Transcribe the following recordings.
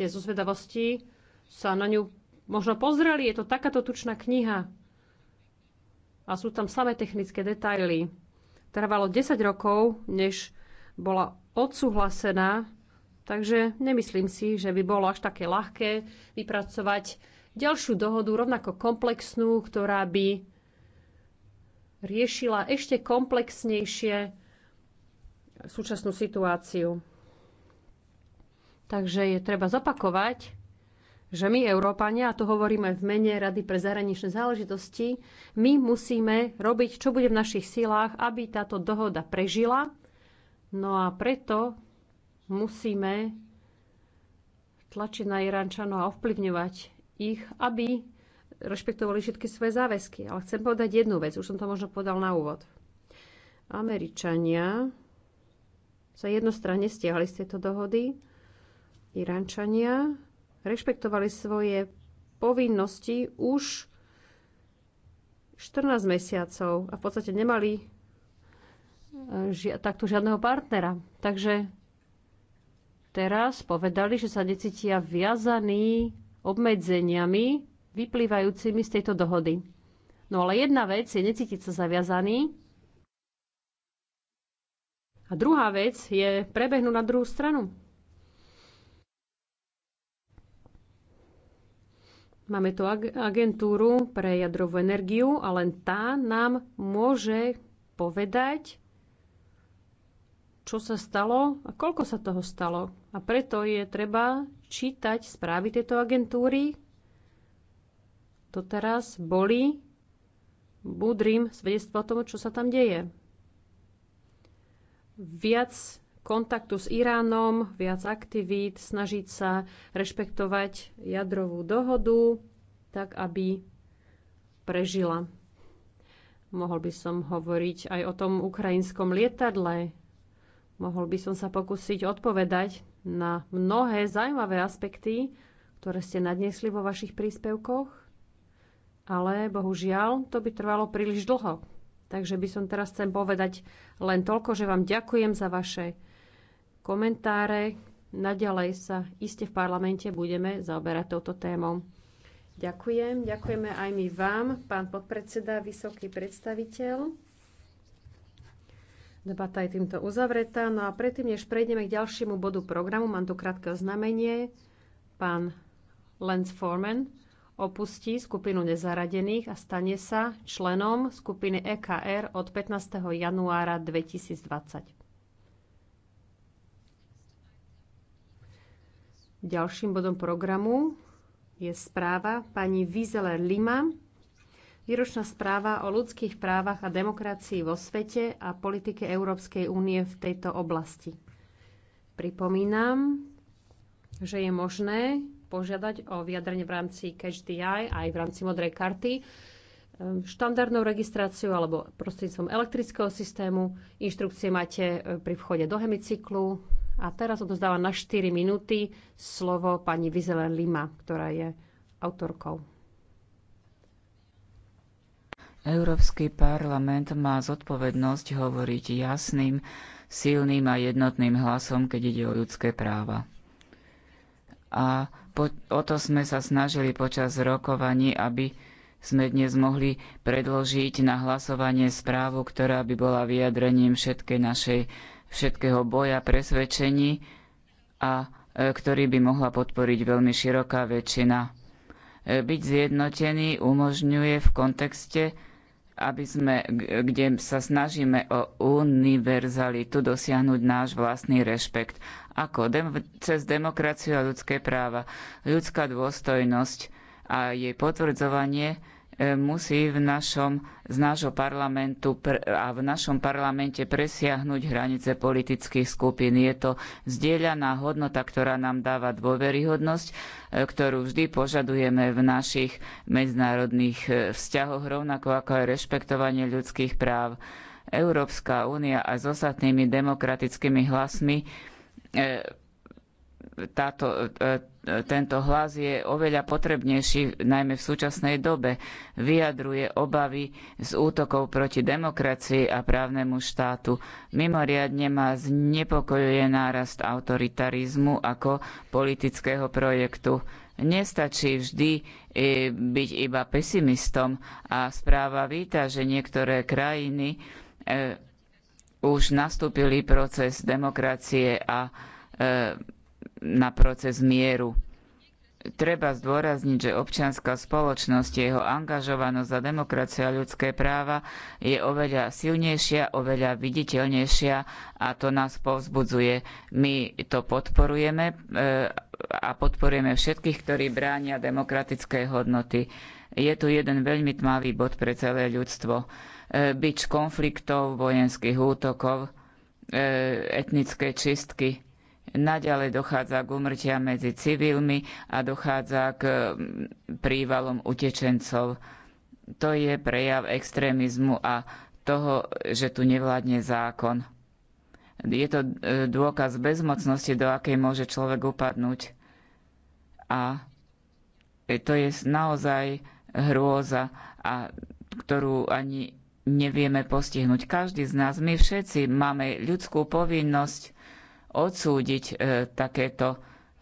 ste zo zvedavosti sa na ňu možno pozreli. Je to takáto tučná kniha. A sú tam samé technické detaily. Trvalo 10 rokov, než bola odsúhlasená, takže nemyslím si, že by bolo až také ľahké vypracovať ďalšiu dohodu, rovnako komplexnú, ktorá by riešila ešte komplexnejšie súčasnú situáciu. Takže je treba zopakovať, že my, Európania, a to hovoríme v mene Rady pre zahraničné záležitosti, my musíme robiť, čo bude v našich silách, aby táto dohoda prežila. No a preto musíme tlačiť na Irančanov a ovplyvňovať ich, aby rešpektovali všetky svoje záväzky. Ale chcem povedať jednu vec, už som to možno povedal na úvod. Američania sa jednostranne stiahli z tejto dohody Irančania rešpektovali svoje povinnosti už 14 mesiacov a v podstate nemali e, takto žiadneho partnera. Takže teraz povedali, že sa necítia viazaní obmedzeniami vyplývajúcimi z tejto dohody. No ale jedna vec je necítiť sa zaviazaný a druhá vec je prebehnúť na druhú stranu. Máme tu agentúru pre jadrovú energiu a len tá nám môže povedať, čo sa stalo a koľko sa toho stalo. A preto je treba čítať správy tejto agentúry. To teraz boli budrým svedectvo o tom, čo sa tam deje. Viac kontaktu s Iránom, viac aktivít, snažiť sa rešpektovať jadrovú dohodu, tak aby prežila. Mohol by som hovoriť aj o tom ukrajinskom lietadle. Mohol by som sa pokúsiť odpovedať na mnohé zaujímavé aspekty, ktoré ste nadnesli vo vašich príspevkoch, ale bohužiaľ to by trvalo príliš dlho. Takže by som teraz chcem povedať len toľko, že vám ďakujem za vaše komentáre. Naďalej sa iste v parlamente budeme zaoberať touto témou. Ďakujem. Ďakujeme aj my vám, pán podpredseda, vysoký predstaviteľ. Debata je týmto uzavretá. No a predtým, než prejdeme k ďalšiemu bodu programu, mám tu krátke znamenie. Pán Lenz Forman opustí skupinu nezaradených a stane sa členom skupiny EKR od 15. januára 2020. Ďalším bodom programu je správa pani Vizele Lima, výročná správa o ľudských právach a demokracii vo svete a politike Európskej únie v tejto oblasti. Pripomínam, že je možné požiadať o vyjadrenie v rámci Catch the Eye aj v rámci modrej karty ehm, štandardnou registráciou alebo prostredníctvom elektrického systému. Inštrukcie máte ehm, pri vchode do hemicyklu. A teraz odozdáva na 4 minúty slovo pani Vizele Lima, ktorá je autorkou. Európsky parlament má zodpovednosť hovoriť jasným, silným a jednotným hlasom, keď ide o ľudské práva. A po, o to sme sa snažili počas rokovaní, aby sme dnes mohli predložiť na hlasovanie správu, ktorá by bola vyjadrením všetkej našej všetkého boja, presvedčení a e, ktorý by mohla podporiť veľmi široká väčšina. E, byť zjednotený umožňuje v kontexte, aby sme, kde sa snažíme o univerzalitu dosiahnuť náš vlastný rešpekt. Ako? Dem- cez demokraciu a ľudské práva. Ľudská dôstojnosť a jej potvrdzovanie musí v našom, z nášho parlamentu a v našom parlamente presiahnuť hranice politických skupín. Je to zdieľaná hodnota, ktorá nám dáva dôveryhodnosť, e, ktorú vždy požadujeme v našich medzinárodných e, vzťahoch, rovnako ako aj rešpektovanie ľudských práv. Európska únia aj s ostatnými demokratickými hlasmi e, táto, e, e, tento hlas je oveľa potrebnejší, najmä v súčasnej dobe. Vyjadruje obavy z útokov proti demokracii a právnemu štátu. Mimoriadne ma znepokojuje nárast autoritarizmu ako politického projektu. Nestačí vždy e, byť iba pesimistom a správa víta, že niektoré krajiny už nastúpili proces demokracie a na proces mieru. Treba zdôrazniť, že občianská spoločnosť, jeho angažovanosť za demokraciu a ľudské práva je oveľa silnejšia, oveľa viditeľnejšia a to nás povzbudzuje. My to podporujeme e, a podporujeme všetkých, ktorí bránia demokratické hodnoty. Je tu jeden veľmi tmavý bod pre celé ľudstvo. E, Byč konfliktov, vojenských útokov, e, etnické čistky Naďalej dochádza k umrtiam medzi civilmi a dochádza k mm, prívalom utečencov. To je prejav extrémizmu a toho, že tu nevládne zákon. Je to e, dôkaz bezmocnosti, do akej môže človek upadnúť. A to je naozaj hrôza, a ktorú ani nevieme postihnúť. Každý z nás, my všetci máme ľudskú povinnosť odsúdiť e, takéto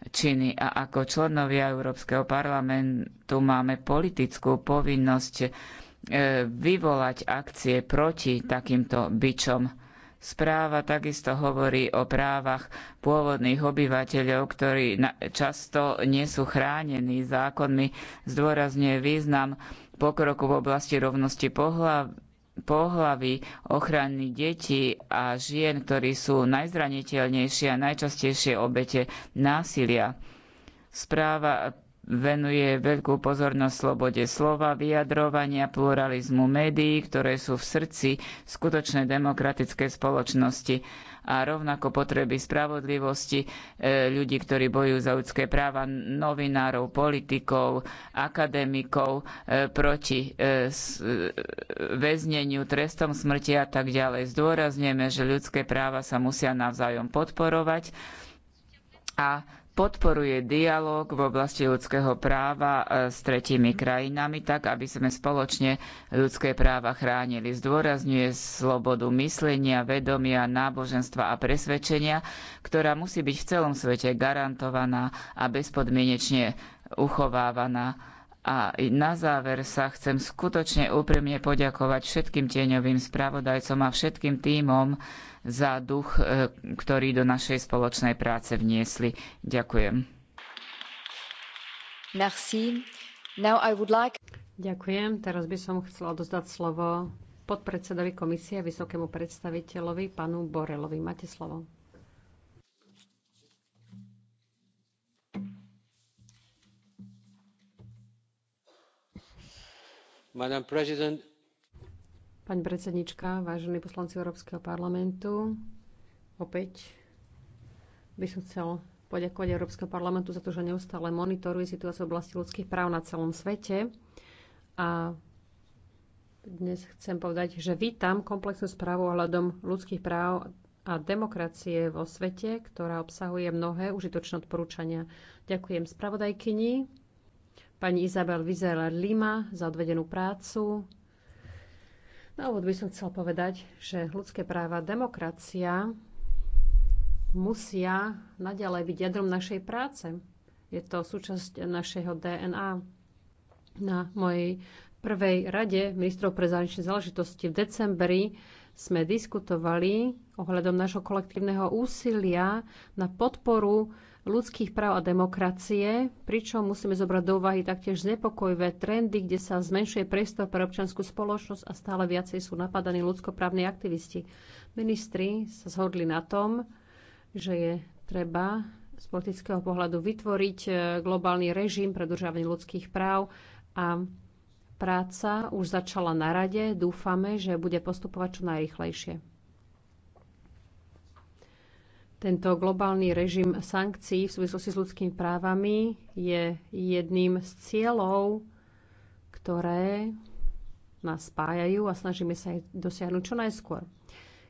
činy a ako členovia Európskeho parlamentu máme politickú povinnosť e, vyvolať akcie proti takýmto byčom. Správa takisto hovorí o právach pôvodných obyvateľov, ktorí často nie sú chránení zákonmi, zdôrazňuje význam pokroku v oblasti rovnosti pohľadu pohlavy, ochrany detí a žien, ktorí sú najzraniteľnejšie a najčastejšie obete násilia. Správa venuje veľkú pozornosť slobode slova, vyjadrovania, pluralizmu médií, ktoré sú v srdci skutočnej demokratickej spoločnosti a rovnako potreby spravodlivosti e, ľudí, ktorí bojujú za ľudské práva, novinárov, politikov, akademikov e, proti e, väzneniu, trestom smrti a tak ďalej. Zdôrazňujeme, že ľudské práva sa musia navzájom podporovať a podporuje dialog v oblasti ľudského práva e, s tretími krajinami, tak aby sme spoločne ľudské práva chránili. Zdôrazňuje slobodu myslenia, vedomia, náboženstva a presvedčenia, ktorá musí byť v celom svete garantovaná a bezpodmienečne uchovávaná a na záver sa chcem skutočne úprimne poďakovať všetkým tieňovým spravodajcom a všetkým týmom za duch, e, ktorý do našej spoločnej práce vniesli. Ďakujem. Merci. Now I would like... Ďakujem. Teraz by som chcela dozdať slovo podpredsedovi komisie, vysokému predstaviteľovi, panu Borelovi. Máte slovo. Pani predsednička, vážení poslanci Európskeho parlamentu, opäť by som chcel poďakovať Európskeho parlamentu za to, že neustále monitoruje situáciu v oblasti ľudských práv na celom svete. A dnes chcem povedať, že vítam komplexnú správu ohľadom ľudských práv a demokracie vo svete, ktorá obsahuje mnohé užitočné odporúčania. Ďakujem spravodajkyni pani Izabel Vizela Lima za odvedenú prácu. Na úvod by som chcel povedať, že ľudské práva, demokracia musia naďalej byť jadrom našej práce. Je to súčasť našeho DNA. Na mojej prvej rade ministrov pre zahraničné záležitosti v decembri sme diskutovali ohľadom nášho kolektívneho úsilia na podporu ľudských práv a demokracie, pričom musíme zobrať do úvahy taktiež znepokojivé trendy, kde sa zmenšuje priestor pre občanskú spoločnosť a stále viacej sú napadaní ľudskoprávni aktivisti. Ministri sa zhodli na tom, že je treba z politického pohľadu vytvoriť e, globálny režim pre dodržiavanie ľudských práv a práca už začala na rade. Dúfame, že bude postupovať čo najrychlejšie. Tento globálny režim sankcií v súvislosti s ľudskými právami je jedným z cieľov, ktoré nás spájajú a snažíme sa ich dosiahnuť čo najskôr.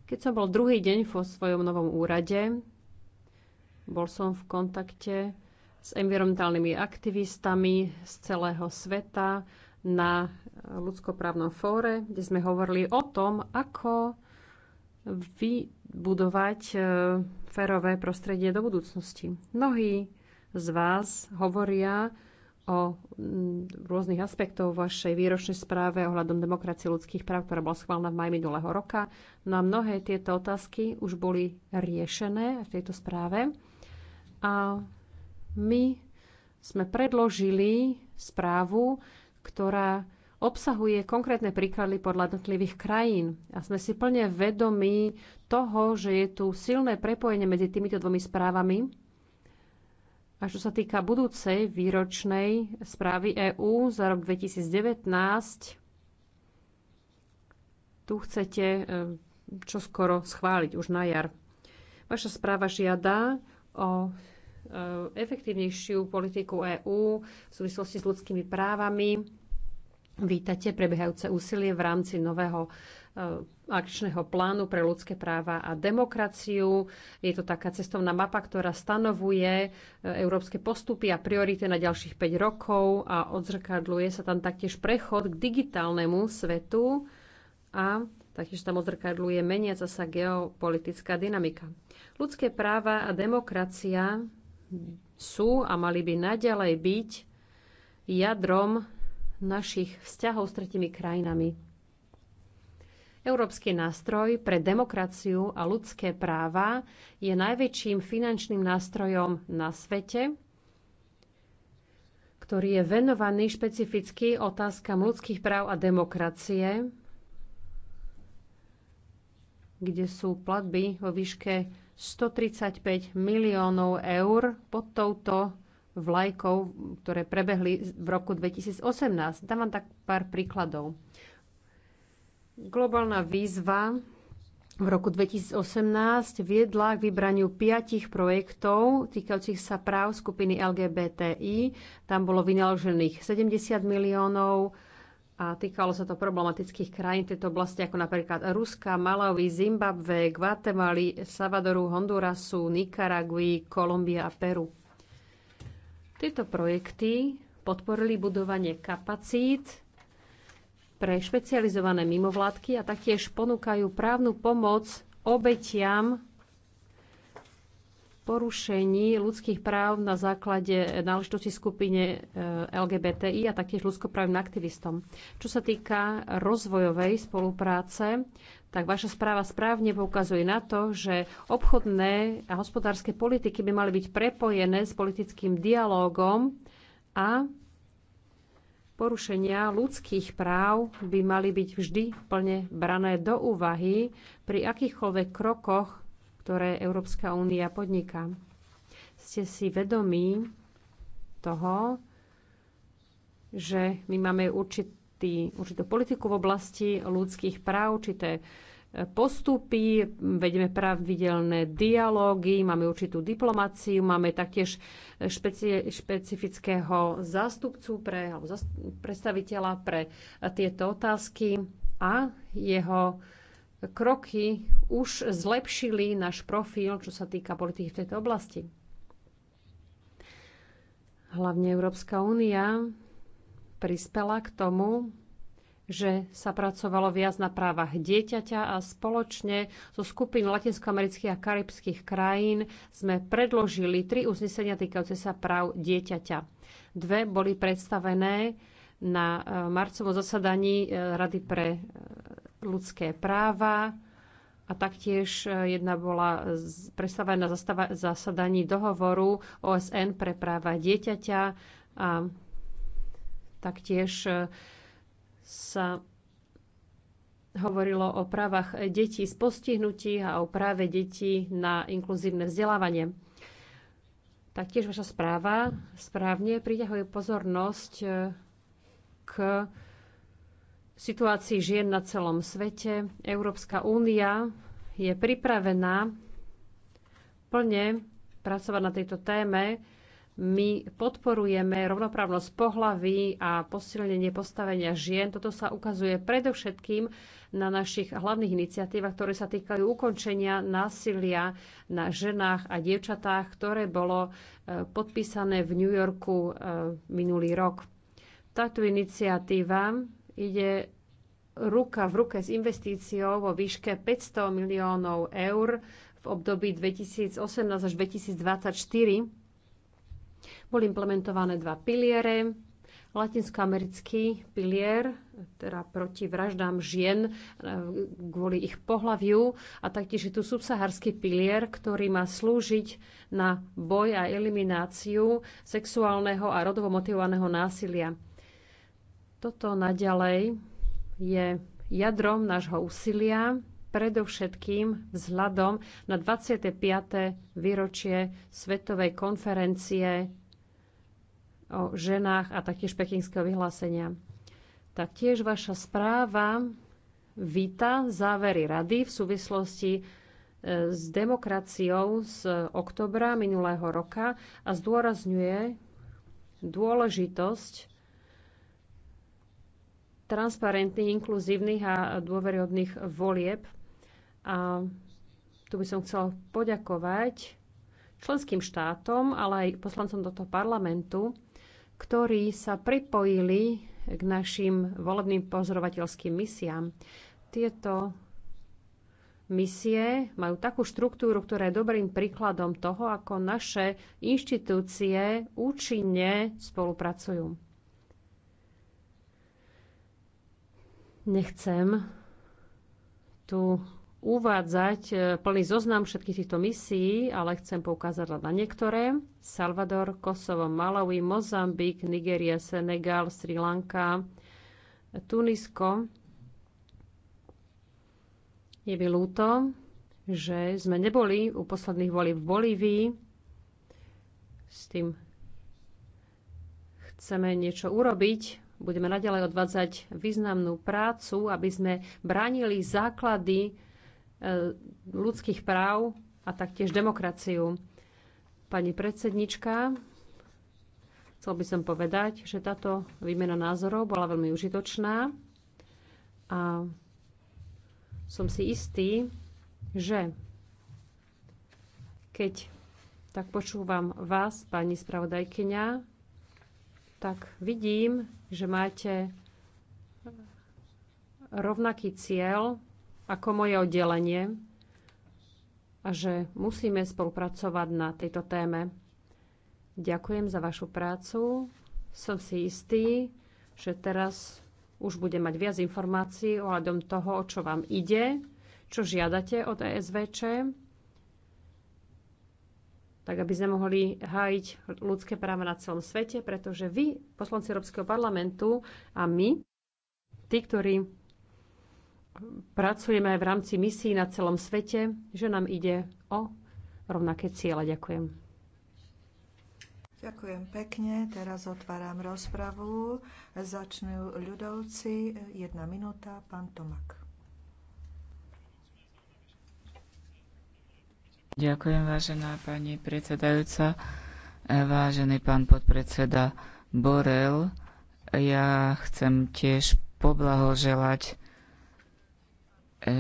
Keď som bol druhý deň vo svojom novom úrade, bol som v kontakte s environmentálnymi aktivistami z celého sveta na ľudskoprávnom fóre, kde sme hovorili o tom, ako vybudovať e, férové prostredie do budúcnosti. Mnohí z vás hovoria o mm, rôznych aspektoch vašej výročnej správe ohľadom demokracie ľudských práv, ktorá bola schválna v maji minulého roka. No a mnohé tieto otázky už boli riešené v tejto správe. A my sme predložili správu, ktorá obsahuje konkrétne príklady podľa jednotlivých krajín a sme si plne vedomí toho, že je tu silné prepojenie medzi týmito dvomi správami. A čo sa týka budúcej výročnej správy EÚ za rok 2019, tu chcete e, čo skoro schváliť už na jar. Vaša správa žiada o e, efektívnejšiu politiku EÚ v súvislosti s ľudskými právami, Vítate prebiehajúce úsilie v rámci nového eh, akčného plánu pre ľudské práva a demokraciu. Je to taká cestovná mapa, ktorá stanovuje eh, európske postupy a priority na ďalších 5 rokov a odzrkadluje sa tam taktiež prechod k digitálnemu svetu a taktiež tam odzrkadluje meniaca sa geopolitická dynamika. Ľudské práva a demokracia sú a mali by naďalej byť jadrom našich vzťahov s tretimi krajinami. Európsky nástroj pre demokraciu a ľudské práva je najväčším finančným nástrojom na svete, ktorý je venovaný špecificky otázkam ľudských práv a demokracie, kde sú platby vo výške 135 miliónov eur. Pod touto vlajkov, ktoré prebehli v roku 2018. Dám vám tak pár príkladov. Globálna výzva v roku 2018 viedla k vybraniu piatich projektov týkajúcich sa práv skupiny LGBTI. Tam bolo vynaložených 70 miliónov a týkalo sa to problematických krajín tejto oblasti, ako napríklad Ruska, Malawi, Zimbabwe, Guatemala, Salvadoru, Hondurasu, Nikaragui, Kolumbia a Peru. Tieto projekty podporili budovanie kapacít pre špecializované mimovládky a taktiež ponúkajú právnu pomoc obetiam porušení ľudských práv na základe náležitosti skupine e, LGBTI a taktiež ľudskoprávnym aktivistom. Čo sa týka rozvojovej spolupráce, tak vaša správa správne poukazuje na to, že obchodné a hospodárske politiky by mali byť prepojené s politickým dialógom a porušenia ľudských práv by mali byť vždy plne brané do úvahy pri akýchkoľvek krokoch, ktoré Európska únia podniká. Ste si vedomí toho, že my máme určitý tý, určitú politiku v oblasti ľudských práv, určité e, postupy, vedeme pravidelné dialógy, máme určitú diplomáciu, máme taktiež e, špeci- špecifického zástupcu pre, alebo zast- predstaviteľa pre e, tieto otázky a jeho kroky už zlepšili náš profil, čo sa týka politiky v tejto oblasti. Hlavne Európska únia prispela k tomu, že sa pracovalo viac na právach dieťaťa a spoločne so skupín latinskoamerických a karibských krajín sme predložili tri uznesenia týkajúce sa práv dieťaťa. Dve boli predstavené na e, marcovom zasadaní e, Rady pre e, ľudské práva a taktiež jedna bola predstavená na zasadaní dohovoru OSN pre práva dieťaťa a Taktiež e, sa hovorilo o právach detí z postihnutí a o práve detí na inkluzívne vzdelávanie. Taktiež vaša správa správne priťahuje pozornosť e, k situácii žien na celom svete. Európska únia je pripravená plne pracovať na tejto téme my podporujeme rovnoprávnosť pohlaví a posilnenie postavenia žien. Toto sa ukazuje predovšetkým na našich hlavných iniciatívach, ktoré sa týkajú ukončenia násilia na ženách a dievčatách, ktoré bolo e, podpísané v New Yorku e, minulý rok. Táto iniciatíva ide ruka v ruke s investíciou vo výške 500 miliónov eur v období 2018 až 2024 boli implementované dva piliere. Latinskoamerický pilier, teda proti vraždám žien eh, kvôli ich pohľaviu a taktiež je tu subsaharský pilier, ktorý má slúžiť na boj a elimináciu sexuálneho a rodovo motivovaného násilia. Toto naďalej je jadrom nášho úsilia predovšetkým vzhľadom na 25. výročie Svetovej konferencie o ženách a taktiež pekinského vyhlásenia. Taktiež vaša správa víta závery rady v súvislosti e, s demokraciou z oktobra minulého roka a zdôrazňuje dôležitosť transparentných, inkluzívnych a dôveryhodných volieb. A tu by som chcel poďakovať členským štátom, ale aj poslancom tohto parlamentu ktorí sa pripojili k našim volebným pozorovateľským misiám. Tieto misie majú takú štruktúru, ktorá je dobrým príkladom toho, ako naše inštitúcie účinne spolupracujú. Nechcem tu uvádzať e, plný zoznam všetkých týchto misií, ale chcem poukázať na niektoré. Salvador, Kosovo, Malawi, Mozambik, Nigeria, Senegal, Sri Lanka, Tunisko. Je mi ľúto, že sme neboli u posledných volí v Bolívii. S tým chceme niečo urobiť. Budeme naďalej odvádzať významnú prácu, aby sme bránili základy Eh, ľudských práv a taktiež demokraciu. Pani predsednička, chcel by som povedať, že táto výmena názorov bola veľmi užitočná a som si istý, že keď tak počúvam vás, pani spravodajkyňa, tak vidím, že máte rovnaký cieľ ako moje oddelenie a že musíme spolupracovať na tejto téme. Ďakujem za vašu prácu. Som si istý, že teraz už budem mať viac informácií ohľadom toho, o čo vám ide, čo žiadate od ESVČ, tak aby sme mohli hájiť ľudské práva na celom svete, pretože vy, poslanci Európskeho parlamentu a my, tí, ktorí pracujeme aj v rámci misií na celom svete, že nám ide o rovnaké ciele. Ďakujem. Ďakujem pekne. Teraz otváram rozpravu. Začnú ľudovci. Jedna minúta. Pán Tomak. Ďakujem, vážená pani predsedajúca. Vážený pán podpredseda Borel, ja chcem tiež poblahoželať E,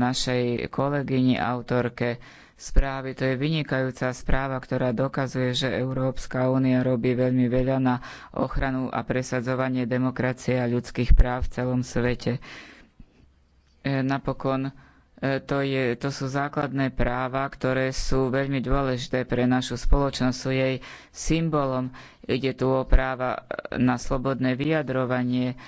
našej kolegyni, autorke správy. To je vynikajúca správa, ktorá dokazuje, že Európska únia robí veľmi veľa na ochranu a presadzovanie demokracie a ľudských práv v celom svete. E, napokon e, to, je, to sú základné práva, ktoré sú veľmi dôležité pre našu spoločnosť, sú jej symbolom. Ide tu o práva na slobodné vyjadrovanie,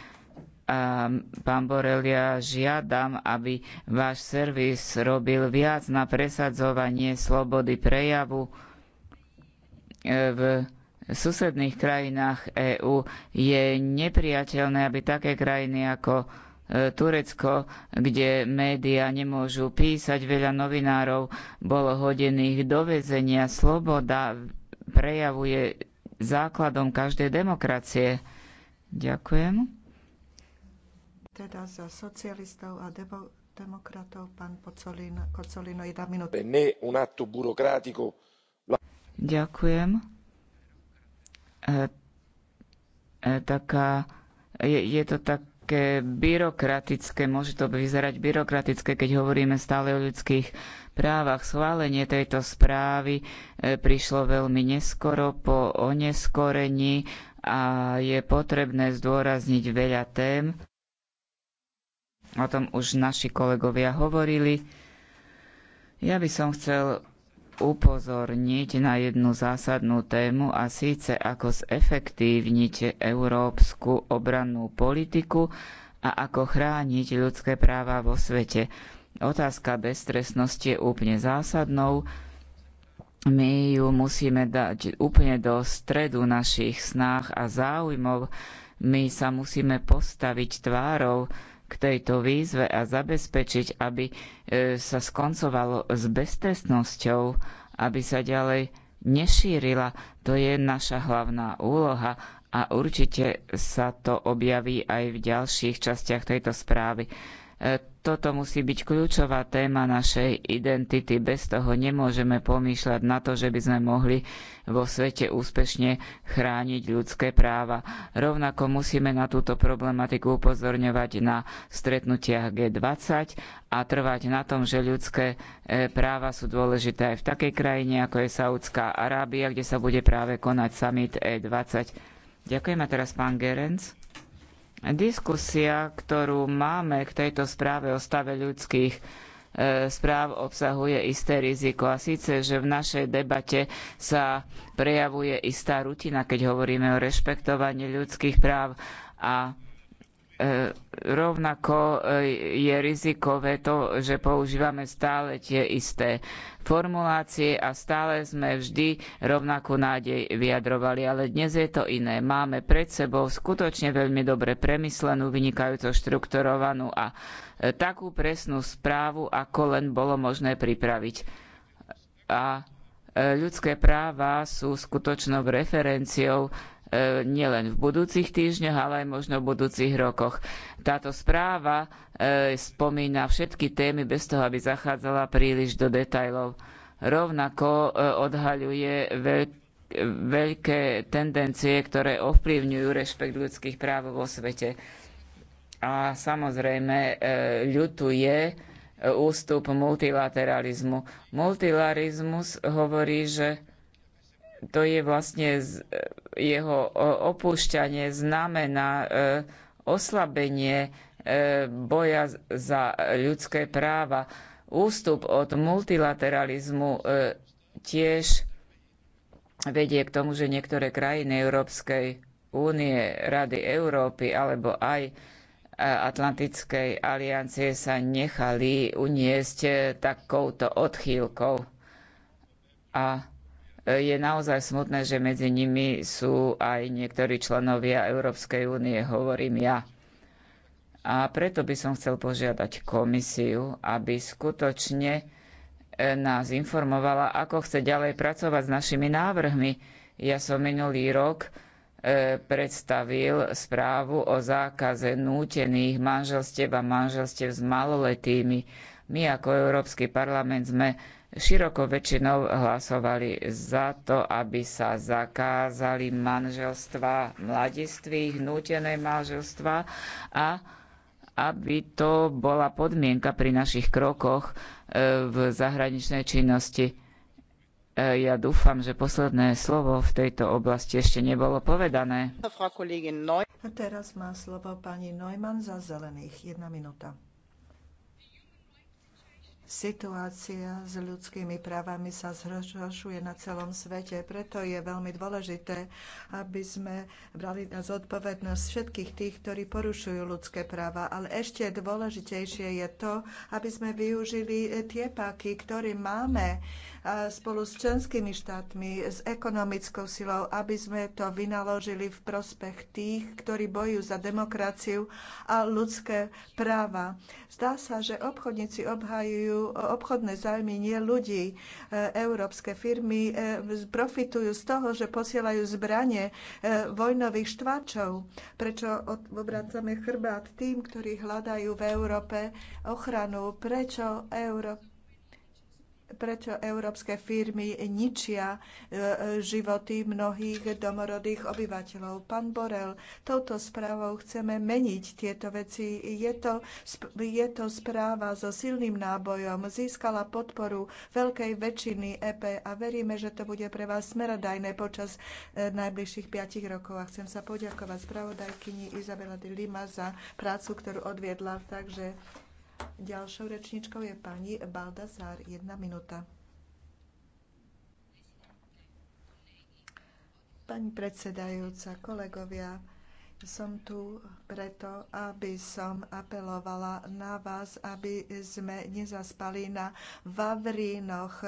a pán Borelia, žiadam, aby váš servis robil viac na presadzovanie slobody prejavu e, v susedných krajinách EÚ. Je nepriateľné, aby také krajiny ako e, Turecko, kde médiá nemôžu písať, veľa novinárov bolo hodených do väzenia. Sloboda je základom každej demokracie. Ďakujem. Teda za socialistov a demokratov pán Pocolino, Kocolino, jedna minúta. Ne un atto burocratico. Ďakujem. E, e, taká, je, je to také byrokratické, môže to vyzerať byrokratické, keď hovoríme stále o ľudských právach. Schválenie tejto správy e, prišlo veľmi neskoro, po oneskorení a je potrebné zdôrazniť veľa tém, O tom už naši kolegovia hovorili. Ja by som chcel upozorniť na jednu zásadnú tému a síce ako zefektívniť európsku obrannú politiku a ako chrániť ľudské práva vo svete. Otázka beztresnosti je úplne zásadnou. My ju musíme dať úplne do stredu našich snách a záujmov. My sa musíme postaviť tvárou k tejto výzve a zabezpečiť, aby e, sa skoncovalo s beztrestnosťou, aby sa ďalej nešírila. To je naša hlavná úloha a určite sa to objaví aj v ďalších častiach tejto správy. Toto musí byť kľúčová téma našej identity. Bez toho nemôžeme pomýšľať na to, že by sme mohli vo svete úspešne chrániť ľudské práva. Rovnako musíme na túto problematiku upozorňovať na stretnutiach G20 a trvať na tom, že ľudské e, práva sú dôležité aj v takej krajine, ako je Saudská Arábia, kde sa bude práve konať summit E20. Ďakujem a teraz pán Gerenc. Diskusia, ktorú máme k tejto správe o stave ľudských e, správ obsahuje isté riziko. A síce, že v našej debate sa prejavuje istá rutina, keď hovoríme o rešpektovaní ľudských práv a E, rovnako e, je rizikové to, že používame stále tie isté formulácie a stále sme vždy rovnakú nádej vyjadrovali, ale dnes je to iné. Máme pred sebou skutočne veľmi dobre premyslenú, vynikajúco štrukturovanú a e, takú presnú správu, ako len bolo možné pripraviť. A ľudské práva sú skutočnou referenciou E, nielen v budúcich týždňoch, ale aj možno v budúcich rokoch. Táto správa e, spomína všetky témy bez toho, aby zachádzala príliš do detajlov. Rovnako e, odhaľuje veľké tendencie, ktoré ovplyvňujú rešpekt ľudských práv vo svete. A samozrejme ľutuje ústup multilateralizmu. Multilarizmus hovorí, že to je vlastne e, jeho opúšťanie, znamená e, oslabenie e, boja za ľudské práva. Ústup od multilateralizmu tiež vedie k tomu, že niektoré krajiny Európskej únie, Rady Európy alebo aj Atlantickej aliancie sa nechali uniesť takouto odchýlkou. A je naozaj smutné, že medzi nimi sú aj niektorí členovia Európskej únie, hovorím ja. A preto by som chcel požiadať komisiu, aby skutočne e, nás informovala, ako chce ďalej pracovať s našimi návrhmi. Ja som minulý rok e, predstavil správu o zákaze nútených manželstiev a manželstiev s maloletými. My ako Európsky parlament sme Širokou väčšinou hlasovali za to, aby sa zakázali manželstva mladistvých, nútené manželstva a aby to bola podmienka pri našich krokoch e, v zahraničnej činnosti. E, ja dúfam, že posledné slovo v tejto oblasti ešte nebolo povedané. A teraz má slovo pani Neumann za zelených. Jedna minúta. Situácia s ľudskými právami sa zhoršuje na celom svete, preto je veľmi dôležité, aby sme brali na zodpovednosť všetkých tých, ktorí porušujú ľudské práva. Ale ešte dôležitejšie je to, aby sme využili tie páky, ktoré máme spolu s členskými štátmi, s ekonomickou silou, aby sme to vynaložili v prospech tých, ktorí bojujú za demokraciu a ľudské práva. Zdá sa, že obchodníci obhajujú obchodné zájmy nie ľudí. E, európske firmy e, profitujú z toho, že posielajú zbranie e, vojnových štváčov. Prečo obracame chrbát tým, ktorí hľadajú v Európe ochranu? Prečo Európa prečo európske firmy ničia e, životy mnohých domorodých obyvateľov. Pán Borel, touto správou chceme meniť tieto veci. Je to, je to správa so silným nábojom. Získala podporu veľkej väčšiny EP a veríme, že to bude pre vás smerodajné počas e, najbližších 5 rokov. A chcem sa poďakovať spravodajkyni Izabela de Lima za prácu, ktorú odviedla. Takže Ďalšou rečničkou je pani Baldazar. Jedna minúta. Pani predsedajúca, kolegovia, som tu preto, aby som apelovala na vás, aby sme nezaspali na Vavrínoch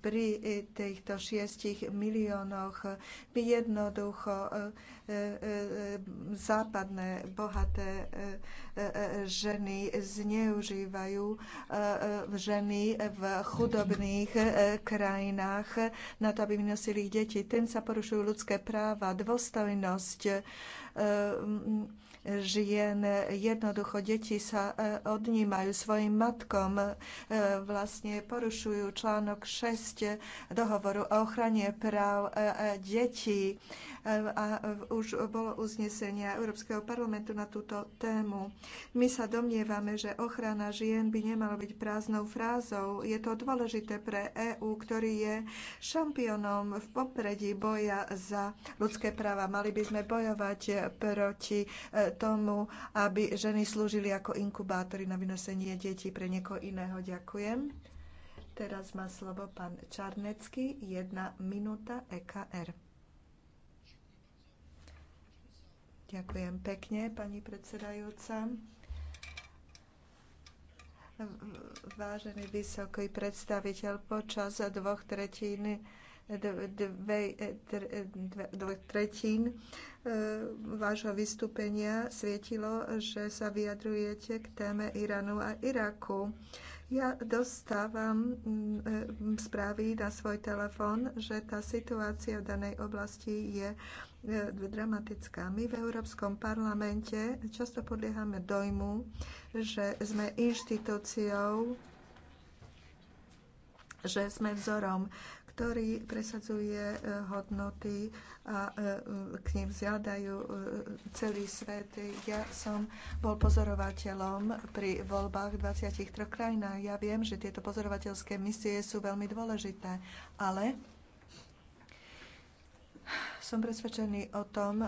pri týchto šiestich miliónoch. My jednoducho E, e, západné bohaté e, ženy zneužívajú ženy v chudobných krajinách na to, aby vynosili ich deti. Tým sa porušujú ľudské práva, dôstojnosť žien. Jednoducho deti sa e, odnímajú svojim matkom, e, vlastne porušujú článok 6 dohovoru o ochrane práv e, detí. A už bolo uznesenie Európskeho parlamentu na túto tému. My sa domnievame, že ochrana žien by nemala byť prázdnou frázou. Je to dôležité pre EÚ, ktorý je šampiónom v popredí boja za ľudské práva. Mali by sme bojovať proti tomu, aby ženy slúžili ako inkubátory na vynosenie detí pre niekoho iného. Ďakujem. Teraz má slovo pán Čarnecký, jedna minúta EKR. Ďakujem pekne, pani predsedajúca. Vážený vysoký predstaviteľ, počas dvoch tretín dve, dve tretín e, vášho vystúpenia svietilo, že sa vyjadrujete k téme Iránu a Iraku. Ja dostávam mm, e, správy na svoj telefón, že tá situácia v danej oblasti je e, dramatická. My v Európskom parlamente často podliehame dojmu, že sme inštitúciou, že sme vzorom ktorý presadzuje e, hodnoty a e, k ním vzhľadajú e, celý svet. Ja som bol pozorovateľom pri voľbách v 23 krajinách. Ja viem, že tieto pozorovateľské misie sú veľmi dôležité, ale som presvedčený o tom,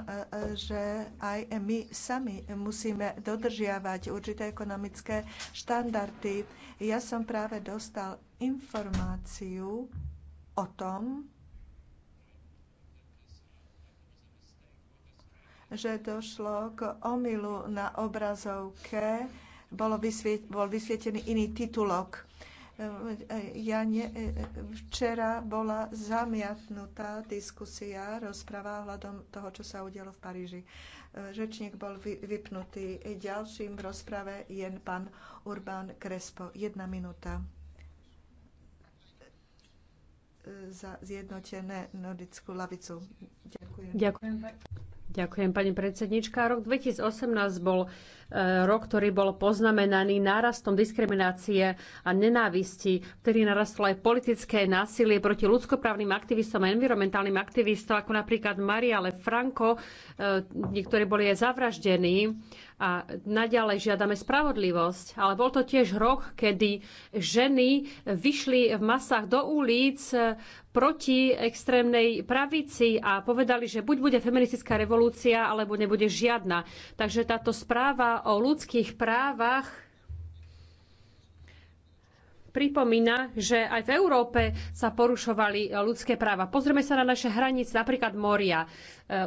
že aj my sami musíme dodržiavať určité ekonomické štandardy. Ja som práve dostal informáciu o tom, že došlo k omilu na obrazovke, bolo bol vysvietený iný titulok. Ja včera bola zamiatnutá diskusia, rozpráva hľadom toho, čo sa udialo v Paríži. Rečník bol vypnutý. Ďalším v rozprave je pán Urbán Krespo. Jedna minúta za zjednotené nordickú lavicu. Ďakujem. Ďakujem. Ďakujem, pani predsednička. Rok 2018 bol Eh, rok, ktorý bol poznamenaný nárastom diskriminácie a nenávisti, ktorý narastlo aj politické násilie proti ľudskoprávnym aktivistom a environmentálnym aktivistom, ako napríklad Mariale Franco, eh, niektorí boli aj zavraždení a naďalej žiadame spravodlivosť. Ale bol to tiež rok, kedy ženy vyšli v masách do ulic eh, proti extrémnej pravici a povedali, že buď bude feministická revolúcia, alebo nebude žiadna. Takže táto správa o ľudských právach pripomína, že aj v Európe sa porušovali ľudské práva. Pozrieme sa na naše hranice, napríklad moria, e,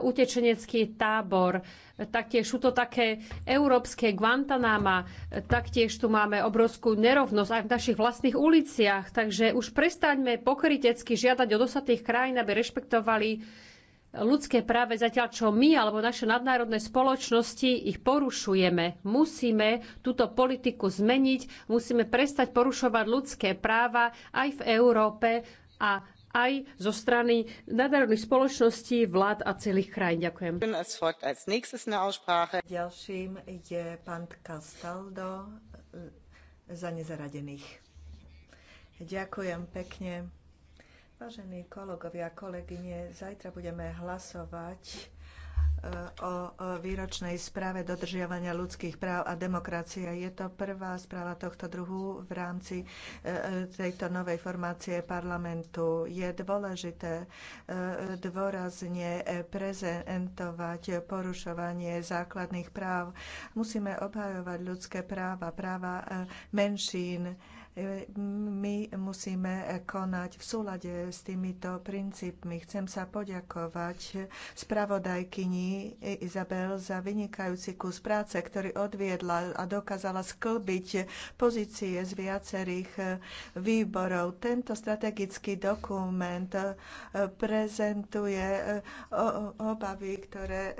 utečenecký tábor, taktiež sú to také európske guantanama, e, taktiež tu máme obrovskú nerovnosť aj v našich vlastných uliciach, takže už prestaňme pokritecky žiadať od ostatných krajín, aby rešpektovali ľudské práve zatiaľ, čo my alebo naše nadnárodné spoločnosti ich porušujeme. Musíme túto politiku zmeniť, musíme prestať porušovať ľudské práva aj v Európe a aj zo strany nadnárodných spoločností, vlád a celých krajín. Ďakujem. Ďalším je pán Castaldo e, za nezaradených. Ďakujem pekne. Vážení kolegovia a kolegyne, zajtra budeme hlasovať e, o výročnej správe dodržiavania ľudských práv a demokracie. Je to prvá správa tohto druhu v rámci e, e, tejto novej formácie parlamentu. Je dôležité dôrazne prezentovať porušovanie základných práv. Musíme obhajovať ľudské práva, práva menšín, my musíme konať v súlade s týmito princípmi. Chcem sa poďakovať spravodajkyni Izabel za vynikajúci kus práce, ktorý odviedla a dokázala sklbiť pozície z viacerých výborov. Tento strategický dokument prezentuje obavy, ktoré,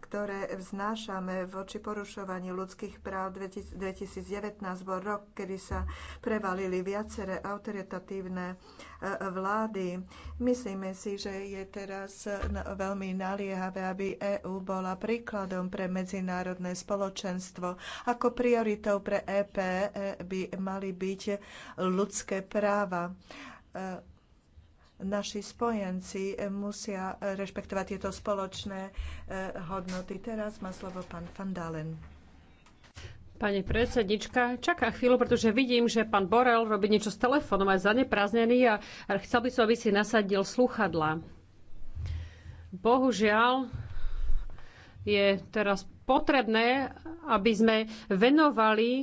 ktoré vznášame voči porušovaniu ľudských práv. 2019 bol rok, kedy sa prevalili viaceré autoritatívne vlády. Myslíme si, že je teraz veľmi naliehavé, aby EÚ bola príkladom pre medzinárodné spoločenstvo. Ako prioritou pre EP by mali byť ľudské práva e, naši spojenci musia rešpektovať tieto spoločné e, hodnoty. Teraz má slovo pán Van Dalen. Pani predsednička, čaká chvíľu, pretože vidím, že pán Borel robí niečo s telefónom, aj zanepráznený a chcel by som, aby si nasadil sluchadla. Bohužiaľ je teraz potrebné, aby sme venovali e,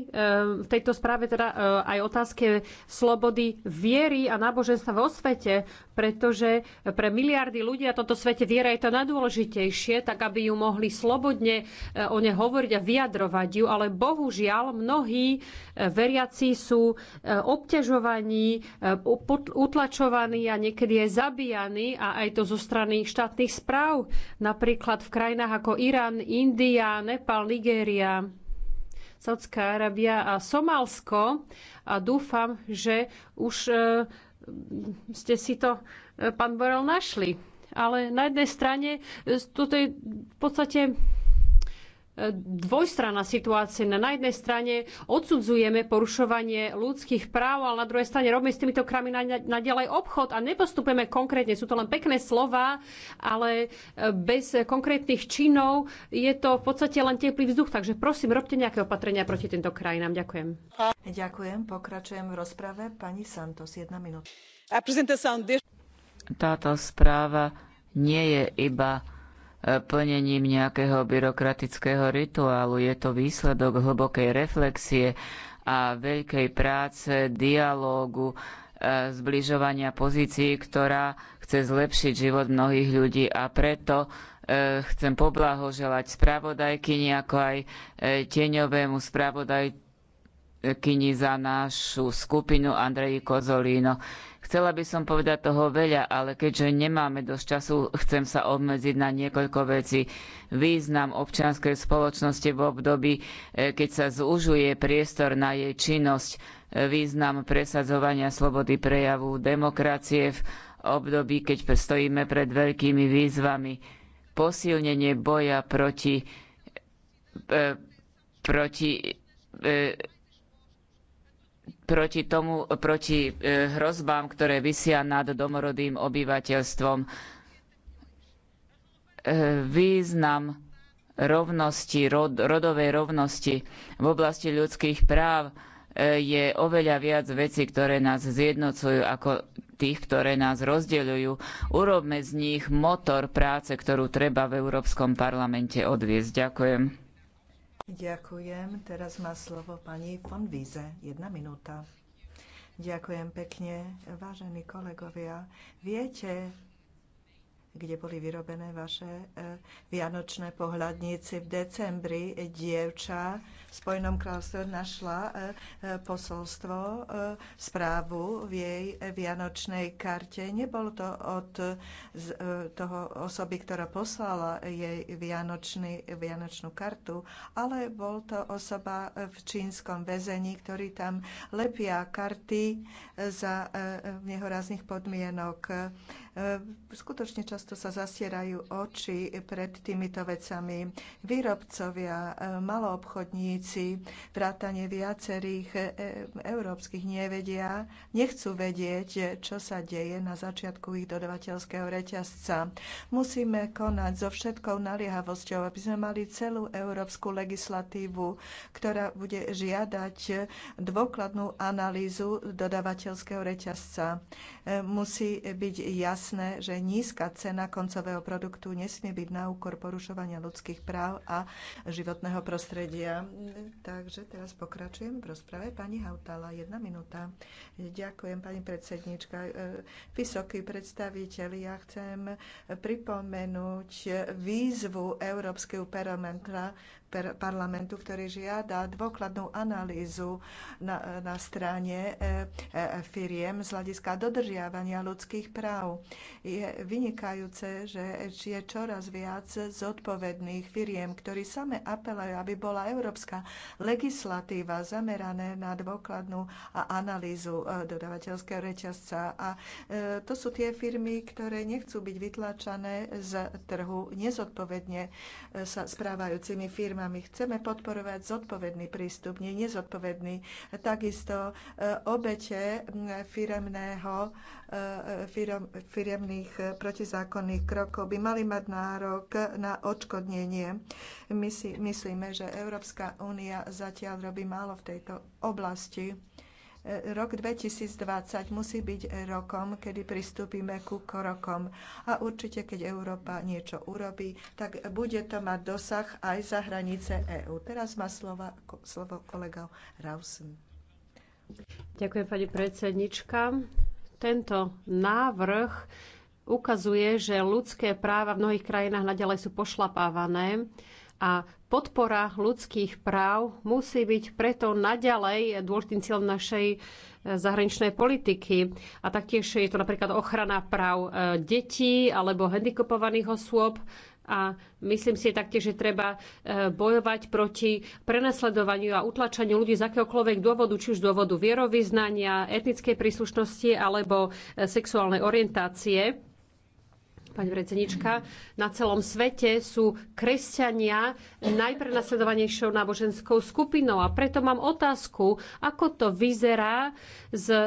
v tejto správe teda e, aj otázke slobody viery a náboženstva vo svete, pretože pre miliardy ľudí na tomto svete viera je to najdôležitejšie, tak aby ju mohli slobodne e, o ne hovoriť a vyjadrovať ju, ale bohužiaľ mnohí veriaci sú obťažovaní, utlačovaní a niekedy aj zabíjani a aj to zo strany štátnych správ. Napríklad v krajinách ako Irán, India, Nepal, Nigéria, Saudská Arábia a Somálsko. A dúfam, že už e, ste si to, e, pán Borel, našli. Ale na jednej strane e, toto je v podstate dvojstranná situácia. Na jednej strane odsudzujeme porušovanie ľudských práv, ale na druhej strane robíme s týmito na naďalej obchod a nepostupujeme konkrétne. Sú to len pekné slova, ale e, bez konkrétnych činov je to v podstate len teplý vzduch. Takže prosím, robte nejaké opatrenia proti týmto krajinám. Ďakujem. Ďakujem. Pokračujem v rozprave. Pani Santos, jedna minúta. Táto správa nie je iba plnením nejakého byrokratického rituálu. Je to výsledok hlbokej reflexie a veľkej práce, dialógu, e, zbližovania pozícií, ktorá chce zlepšiť život mnohých ľudí a preto e, chcem poblahoželať spravodajkyni ako aj e, tieňovému spravodajcu kini za našu skupinu Andreji Kozolíno. Chcela by som povedať toho veľa, ale keďže nemáme dosť času, chcem sa obmedziť na niekoľko vecí. Význam občianskej spoločnosti v období, e, keď sa zúžuje priestor na jej činnosť, e, význam presadzovania slobody prejavu demokracie v období, keď stojíme pred veľkými výzvami, posilnenie boja proti, e, proti e, proti, tomu, proti e, hrozbám, ktoré vysia nad domorodým obyvateľstvom. E, význam rovnosti, rod, rodovej rovnosti v oblasti ľudských práv e, je oveľa viac vecí, ktoré nás zjednocujú ako tých, ktoré nás rozdeľujú. Urobme z nich motor práce, ktorú treba v Európskom parlamente odviesť. Ďakujem. Ďakujem. Teraz má slovo pani von Wiese. Jedna minúta. Ďakujem pekne, vážení kolegovia. Viete, kde boli vyrobené vaše e, vianočné pohľadnice. V decembri dievča v Spojenom kráľovstve našla e, e, posolstvo, správu v jej vianočnej karte. Nebolo to od toho osoby, ktorá poslala jej vianočný, vianočnú kartu, ale bol to osoba v čínskom väzení, ktorý tam lepia karty za nehorazných podmienok E, skutočne často sa zasierajú oči pred týmito vecami. Výrobcovia, e, maloobchodníci, vrátane viacerých e, európskych nevedia, nechcú vedieť, čo sa deje na začiatku ich dodavateľského reťazca. Musíme konať so všetkou naliehavosťou, aby sme mali celú európsku legislatívu, ktorá bude žiadať dôkladnú analýzu dodavateľského reťazca. Musí byť jasné, jasné, že nízka cena koncového produktu nesmie byť na úkor porušovania ľudských práv a životného prostredia. Takže teraz pokračujem v rozprave. Pani Hautala, jedna minúta. Ďakujem, pani predsednička. E, Vysoký predstaviteľ, ja chcem pripomenúť výzvu Európskeho parlamentu, parlamentu, ktorý žiada dôkladnú analýzu na, na strane e, e, firiem z hľadiska dodržiavania ľudských práv. Je vynikajúce, že je čoraz viac zodpovedných firiem, ktorí same apelujú, aby bola európska legislatíva zameraná na dôkladnú analýzu e, dodavateľského reťazca. A to sú tie firmy, ktoré nechcú byť vytlačané z trhu nezodpovedne sa správajúcimi firmami stranami. Chceme podporovať zodpovedný prístup, nie nezodpovedný. Takisto eh, obete mm, firemného, eh, firem, firemných eh, protizákonných krokov by mali mať nárok na odškodnenie. My si myslíme, že Európska únia zatiaľ robí málo v tejto oblasti Rok 2020 musí byť rokom, kedy pristúpime ku krokom. A určite, keď Európa niečo urobí, tak bude to mať dosah aj za hranice EÚ. Teraz má slova, slovo kolega Rausen. Ďakujem, pani predsednička. Tento návrh ukazuje, že ľudské práva v mnohých krajinách naďalej sú pošlapávané a podpora ľudských práv musí byť preto naďalej dôležitým cieľom našej e, zahraničnej politiky. A taktiež je to napríklad ochrana práv e, detí alebo handikopovaných osôb. A myslím si taktiež, že treba e, bojovať proti prenasledovaniu a utlačaniu ľudí z akéhokoľvek dôvodu, či už dôvodu vierovýznania, etnickej príslušnosti alebo sexuálnej orientácie pani predsednička, na celom svete sú kresťania najprenasledovanejšou náboženskou skupinou. A preto mám otázku, ako to vyzerá s e,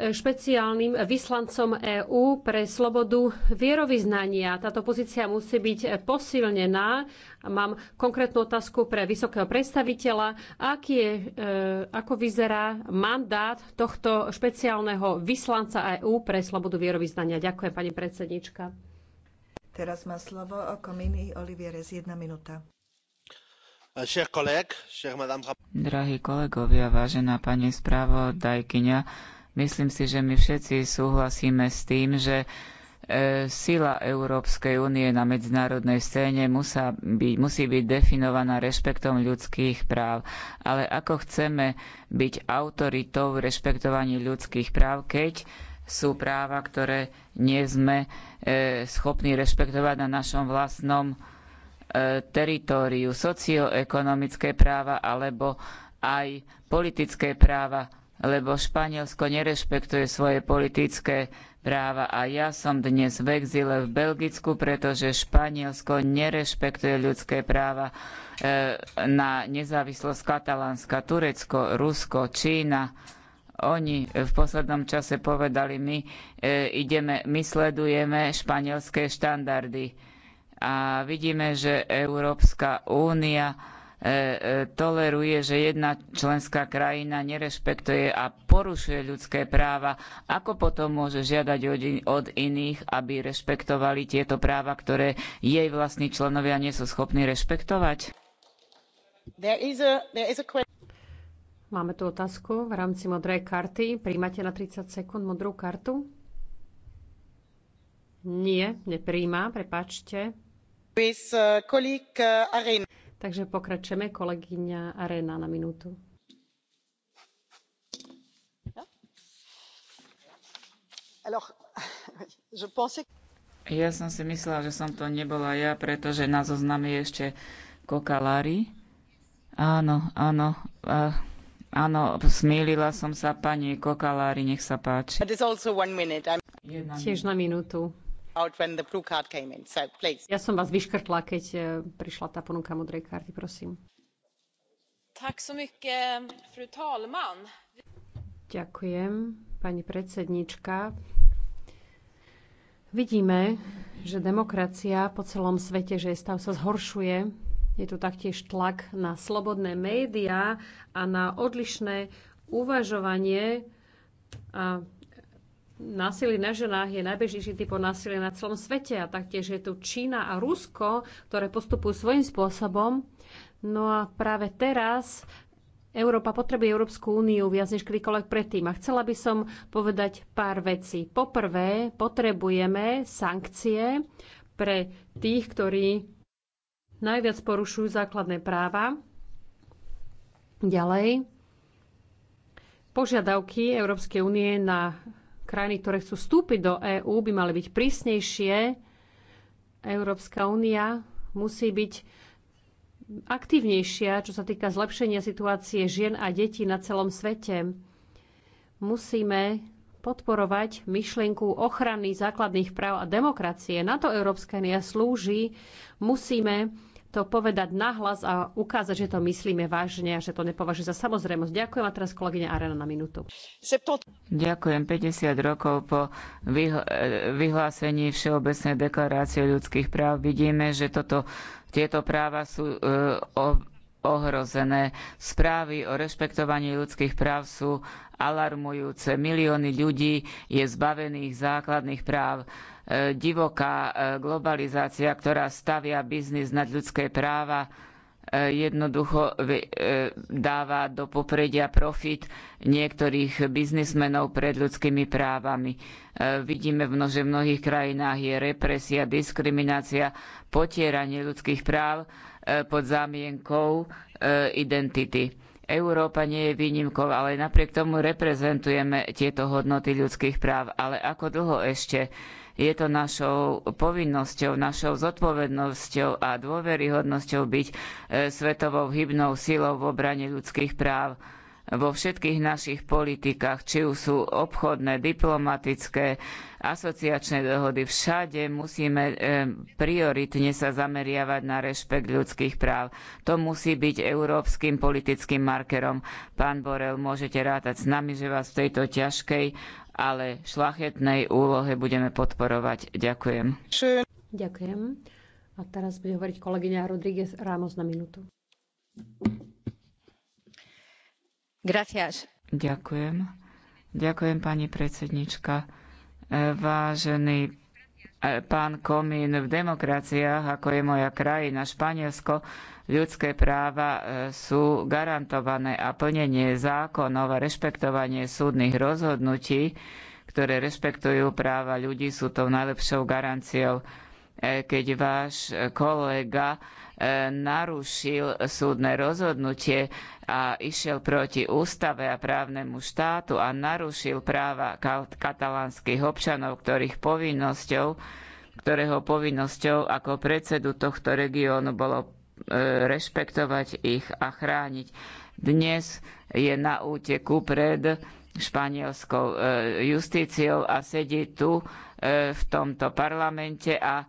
špeciálnym vyslancom EÚ pre slobodu vierovýznania. Táto pozícia musí byť posilnená. Mám konkrétnu otázku pre vysokého predstaviteľa. Aký je, e, ako vyzerá mandát tohto špeciálneho vyslanca EÚ pre slobodu vierovýznania? Ďakujem, pani predsednička. Teraz má slovo Olivier z jedna minúta. Eh, Drahí kolegovia, vážená pani správodajkyňa, myslím si, že my všetci súhlasíme s tým, že eh, sila Európskej únie na medzinárodnej scéne musá byť, musí byť definovaná rešpektom ľudských práv. Ale ako chceme byť autoritou v rešpektovaní ľudských práv, keď sú práva, ktoré nie sme e, schopní rešpektovať na našom vlastnom e, teritóriu. Socioekonomické práva alebo aj politické práva, lebo Španielsko nerešpektuje svoje politické práva a ja som dnes v exile v Belgicku, pretože Španielsko nerešpektuje ľudské práva e, na nezávislosť Katalánska, Turecko, Rusko, Čína oni v poslednom čase povedali, my, e, ideme, my sledujeme španielské štandardy. A vidíme, že Európska únia e, e, toleruje, že jedna členská krajina nerešpektuje a porušuje ľudské práva, ako potom môže žiadať od iných, aby rešpektovali tieto práva, ktoré jej vlastní členovia nie sú schopní rešpektovať? There is a, there is a Máme tu otázku v rámci modrej karty. Príjmate na 30 sekúnd modrú kartu? Nie, nepríjma, prepáčte. Eh, eh, Takže pokračujeme, kolegyňa Arena na minútu. Ja som si myslela, že som to nebola ja, pretože na zozname je ešte Kokalári. Áno, áno. Áno, smýlila som sa pani Kokalári, nech sa páči. Tiež na minútu. In, so ja som vás vyškrtla, keď e, prišla tá ponuka modrej karty, prosím. So mycket, Ďakujem, pani predsednička. Vidíme, že demokracia po celom svete, že stav sa zhoršuje je tu taktiež tlak na slobodné médiá a na odlišné uvažovanie a Násilie na ženách je najbežnejší typ násilia na celom svete a taktiež je tu Čína a Rusko, ktoré postupujú svojím spôsobom. No a práve teraz Európa potrebuje Európsku úniu viac než kedykoľvek predtým. A chcela by som povedať pár vecí. Poprvé, potrebujeme sankcie pre tých, ktorí najviac porušujú základné práva. Ďalej, požiadavky Európskej únie na krajiny, ktoré chcú vstúpiť do EÚ, by mali byť prísnejšie. Európska únia musí byť aktívnejšia, čo sa týka zlepšenia situácie žien a detí na celom svete. Musíme podporovať myšlienku ochrany základných práv a demokracie. Na to Európska únia slúži. Musíme to povedať nahlas a ukázať, že to myslíme vážne a že to nepovažuje za samozrejmosť. Ďakujem a teraz kolegyňa Arena na minútu. Ďakujem 50 rokov po e, vyhlásení Všeobecnej deklarácie ľudských práv. Vidíme, že toto, tieto práva sú e, ohrozené. Správy o rešpektovaní ľudských práv sú alarmujúce. Milióny ľudí je zbavených základných práv divoká e, globalizácia, ktorá stavia biznis nad ľudské práva, e, jednoducho e, dáva do popredia profit niektorých biznismenov pred ľudskými právami. Vidíme, že v mnohých krajinách je represia, diskriminácia, potieranie ľudských práv pod zámienkou identity. Európa nie je výnimkou, ale napriek tomu reprezentujeme tieto hodnoty ľudských práv. Ale ako dlho ešte? Je to našou povinnosťou, našou zodpovednosťou a dôveryhodnosťou byť e, svetovou hybnou silou v obrane ľudských práv vo všetkých našich politikách, či už sú obchodné, diplomatické, asociačné dohody, všade musíme e, prioritne sa zameriavať na rešpekt ľudských práv. To musí byť európskym politickým markerom. Pán Borel, môžete rátať s nami, že vás v tejto ťažkej ale šlachetnej úlohe budeme podporovať. Ďakujem. Ďakujem. A teraz bude hovoriť kolegyňa Rodríguez Ramos na minútu. Gracias. Ďakujem. Ďakujem, pani predsednička. Vážený eh, pán Komín, v demokraciách, ako je moja krajina Španielsko, ľudské práva e, sú garantované a plnenie zákonov a rešpektovanie súdnych rozhodnutí, ktoré rešpektujú práva ľudí, sú tou najlepšou garanciou. E, keď váš kolega e, narušil súdne rozhodnutie a išiel proti ústave a právnemu štátu a narušil práva katalánskych občanov, ktorých povinnosťou ktorého povinnosťou ako predsedu tohto regiónu bolo E, rešpektovať ich a chrániť. Dnes je na úteku pred španielskou e, justíciou a sedí tu e, v tomto parlamente a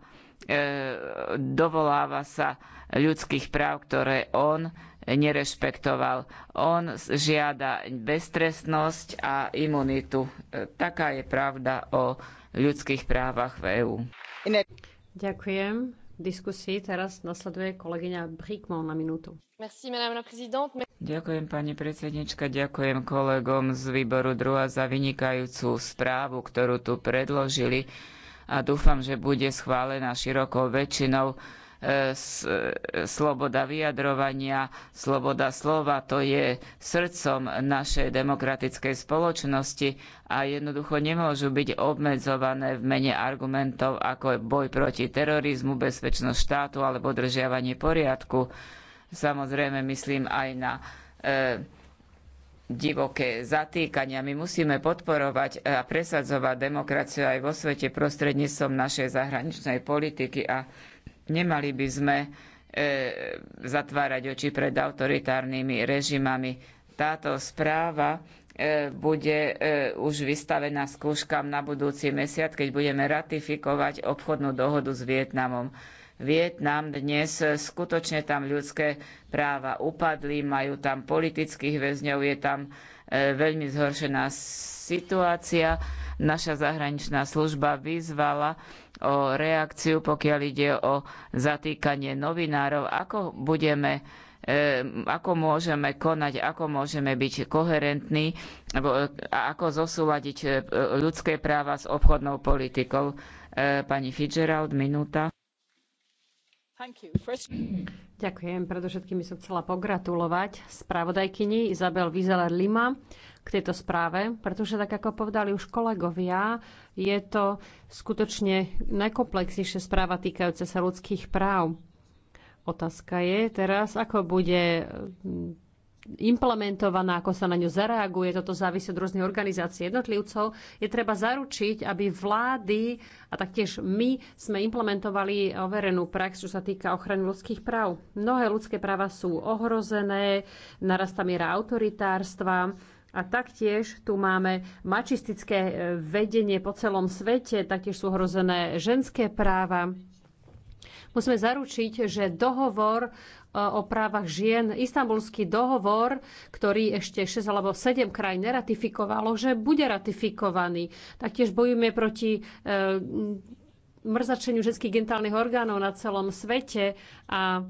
dovoláva sa ľudských práv, ktoré on nerešpektoval. On žiada beztrestnosť a imunitu. Taká je pravda o ľudských právach v EÚ. Ďakujem diskusii. Teraz nasleduje kolegyňa Brickman na minútu. Merci, madame la présidente. Ďakujem pani predsednička, ďakujem kolegom z výboru druhá za vynikajúcu správu, ktorú tu predložili a dúfam, že bude schválená širokou väčšinou sloboda vyjadrovania, sloboda slova, to je srdcom našej demokratickej spoločnosti a jednoducho nemôžu byť obmedzované v mene argumentov ako boj proti terorizmu, bezpečnosť štátu alebo držiavanie poriadku. Samozrejme myslím aj na e, divoké zatýkania. My musíme podporovať a presadzovať demokraciu aj vo svete prostredníctvom našej zahraničnej politiky a Nemali by sme e, zatvárať oči pred autoritárnymi režimami. Táto správa e, bude e, už vystavená skúškam na budúci mesiac, keď budeme ratifikovať obchodnú dohodu s Vietnamom. Vietnam dnes e, skutočne tam ľudské práva upadli, majú tam politických väzňov, je tam e, veľmi zhoršená situácia Naša zahraničná služba vyzvala o reakciu, pokiaľ ide o zatýkanie novinárov. Ako budeme e, ako môžeme konať, ako môžeme byť koherentní a ako zosúľadiť e, ľudské práva s obchodnou politikou. E, pani Fitzgerald, minúta. First... Ďakujem. Predovšetkým som chcela pogratulovať spravodajkyni Izabel Vizeler Lima k tejto správe, pretože tak ako povedali už kolegovia, je to skutočne najkomplexnejšia správa týkajúca sa ľudských práv. Otázka je teraz, ako bude mm, implementovaná, ako sa na ňu zareaguje, toto závisí od rôznych organizácií jednotlivcov. Je treba zaručiť, aby vlády a taktiež my sme implementovali overenú prax, čo sa týka ochrany ľudských práv. Mnohé ľudské práva sú ohrozené, narastá miera autoritárstva, a taktiež tu máme mačistické e, vedenie po celom svete, taktiež sú hrozené ženské práva. Musíme zaručiť, že dohovor e, o právach žien, istambulský dohovor, ktorý ešte 6 alebo 7 krajín neratifikovalo, že bude ratifikovaný. Taktiež bojujeme proti e, mrzačeniu ženských genitálnych orgánov na celom svete a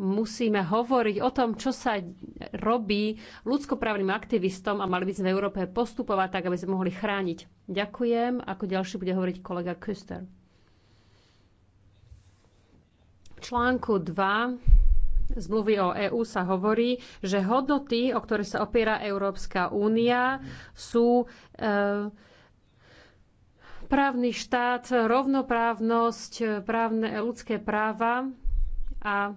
musíme hovoriť o tom, čo sa robí ľudskoprávnym aktivistom a mali by sme v Európe postupovať tak, aby sme mohli chrániť. Ďakujem. Ako ďalší bude hovoriť kolega Küster. V článku 2 zmluvy o EÚ sa hovorí, že hodnoty, o ktoré sa opiera Európska únia, sú e, právny štát, rovnoprávnosť, právne, ľudské práva a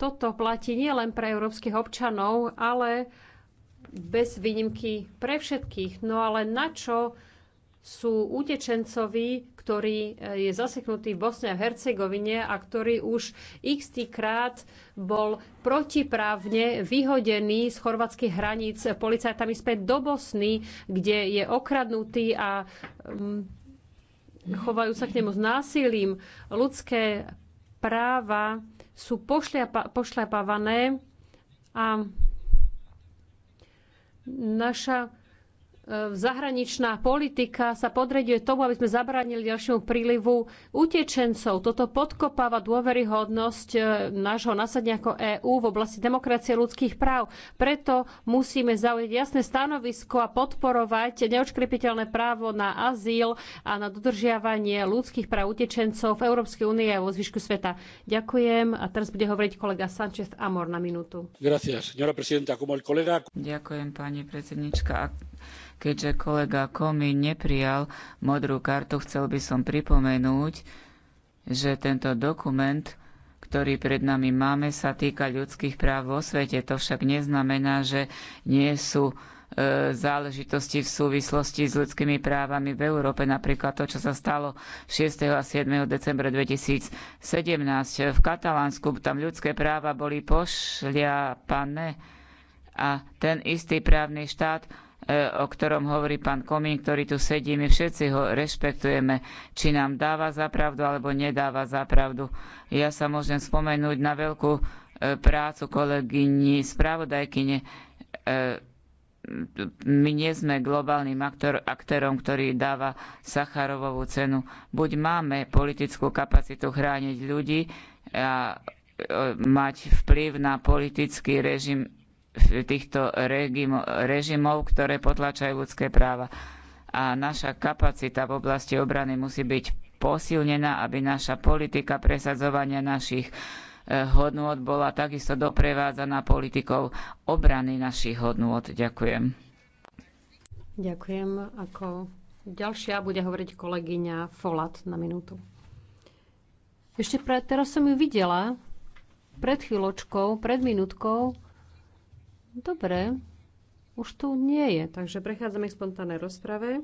toto platí nielen pre európskych občanov, ale bez výnimky pre všetkých. No ale na čo sú utečencovi, ktorý eh, je zaseknutý v Bosne a Hercegovine a ktorý už x krát bol protiprávne vyhodený z chorvatských hraníc policajtami späť do Bosny, kde je okradnutý a mm, chovajú sa k nemu s násilím. Ľudské práva sú pošľapa, pošľapávané a naša zahraničná politika sa podreduje tomu, aby sme zabránili ďalšiemu prílivu utečencov. Toto podkopáva dôveryhodnosť e, nášho nasadenia ako EÚ v oblasti demokracie a ľudských práv. Preto musíme zaujať jasné stanovisko a podporovať neočkrepiteľné právo na azyl a na dodržiavanie ľudských práv utečencov v Európskej únii a vo zvyšku sveta. Ďakujem. A teraz bude hovoriť kolega Sanchez Amor na minútu. Gracias, señora presidenta. Como el colega... Ďakujem, pani predsednička. Keďže kolega Komi neprijal modrú kartu, chcel by som pripomenúť, že tento dokument, ktorý pred nami máme, sa týka ľudských práv vo svete. To však neznamená, že nie sú e, záležitosti v súvislosti s ľudskými právami v Európe, napríklad to, čo sa stalo 6. a 7. decembra 2017 v Katalánsku, tam ľudské práva boli pošľapané a ten istý právny štát E, o ktorom hovorí pán Komín, ktorý tu sedí. My všetci ho rešpektujeme, či nám dáva zapravdu alebo nedáva zapravdu. Ja sa môžem spomenúť na veľkú e, prácu kolegyni spravodajkyne. E, my nie sme globálnym aktor, aktérom, ktorý dáva Sacharovovú cenu. Buď máme politickú kapacitu chrániť ľudí a mať vplyv na politický režim týchto režimov, ktoré potlačajú ľudské práva. A naša kapacita v oblasti obrany musí byť posilnená, aby naša politika presadzovania našich e, hodnôt bola takisto doprevádzaná politikou obrany našich hodnôt. Ďakujem. Ďakujem. Ako ďalšia bude hovoriť kolegyňa Folat na minútu. Ešte pre, teraz som ju videla pred chvíľočkou, pred minútkou Dobre, už tu nie je, takže prechádzame k spontánnej rozprave.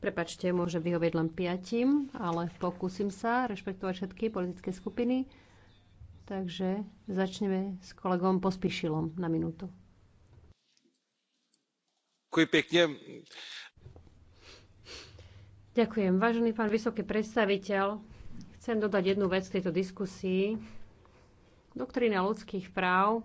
Prepačte, môžem vyhovieť len piatim, ale pokúsim sa rešpektovať všetky politické skupiny. Takže začneme s kolegom Pospíšilom na minútu. Ďakujem Ďakujem. Vážený pán vysoký predstaviteľ, chcem dodať jednu vec v tejto diskusii. Doktrína ľudských práv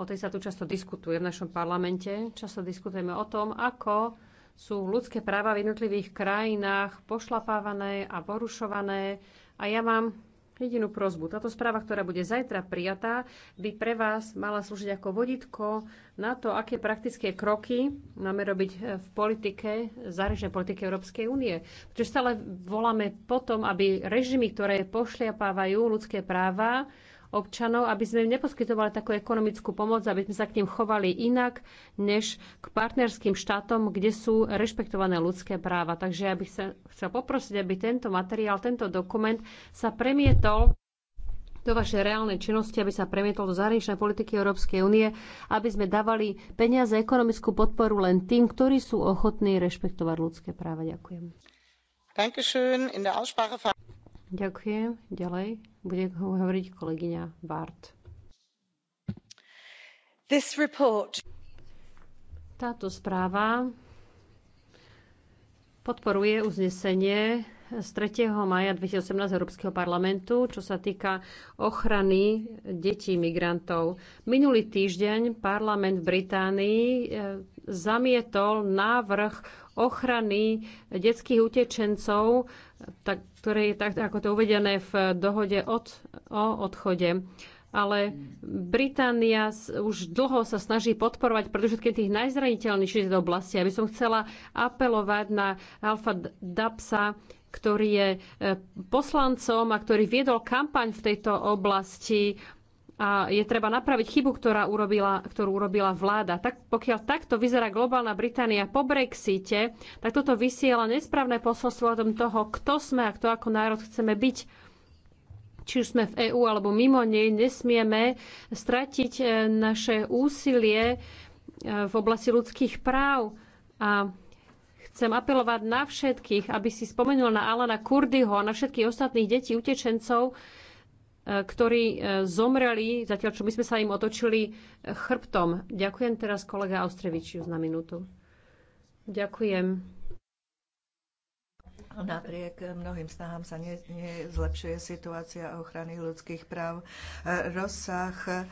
O tej sa tu často diskutuje v našom parlamente. Často diskutujeme o tom, ako sú ľudské práva v jednotlivých krajinách pošlapávané a porušované. A ja mám jedinú prozbu. Táto správa, ktorá bude zajtra prijatá, by pre vás mala slúžiť ako vodítko na to, aké praktické kroky máme robiť v politike, zahraničnej politike Európskej únie. Pretože stále voláme potom, aby režimy, ktoré pošliapávajú ľudské práva, občanov, aby sme im neposkytovali takú ekonomickú pomoc, aby sme sa k ním chovali inak, než k partnerským štátom, kde sú rešpektované ľudské práva. Takže ja by sa chcel poprosiť, aby tento materiál, tento dokument sa premietol do vašej reálnej činnosti, aby sa premietol do zahraničnej politiky Európskej únie, aby sme dávali peniaze, ekonomickú podporu len tým, ktorí sú ochotní rešpektovať ľudské práva. Ďakujem. Ďakujem. Ďalej bude hovoriť kolegyňa Bart. This report. Táto správa podporuje uznesenie z 3. maja 2018 Európskeho parlamentu, čo sa týka ochrany detí migrantov. Minulý týždeň parlament v Británii eh, zamietol návrh ochrany detských utečencov, tak, ktoré je tak, ako to uvedené v dohode od, o odchode. Ale Británia už dlho sa snaží podporovať predovšetkým tých najzraniteľnejších oblasti. oblasti. Aby som chcela apelovať na Alfa Dapsa, ktorý je eh, poslancom a ktorý viedol kampaň v tejto oblasti a je treba napraviť chybu, ktorá urobila, ktorú urobila vláda. Tak, pokiaľ takto vyzerá globálna Británia po Brexite, tak toto vysiela nesprávne posolstvo o tom toho, kto sme a kto ako národ chceme byť. Či už sme v EÚ alebo mimo nej, nesmieme stratiť e, naše úsilie e, v oblasti ľudských práv. A chcem apelovať na všetkých, aby si spomenul na Alana Kurdyho a na všetkých ostatných detí utečencov, Eh, ktorí eh, zomreli, zatiaľ čo my sme sa im otočili eh, chrbtom. Ďakujem teraz kolega Austrevičiu na minútu. Ďakujem. Napriek mnohým snahám sa nezlepšuje situácia ochrany ľudských práv. Rozsah eh,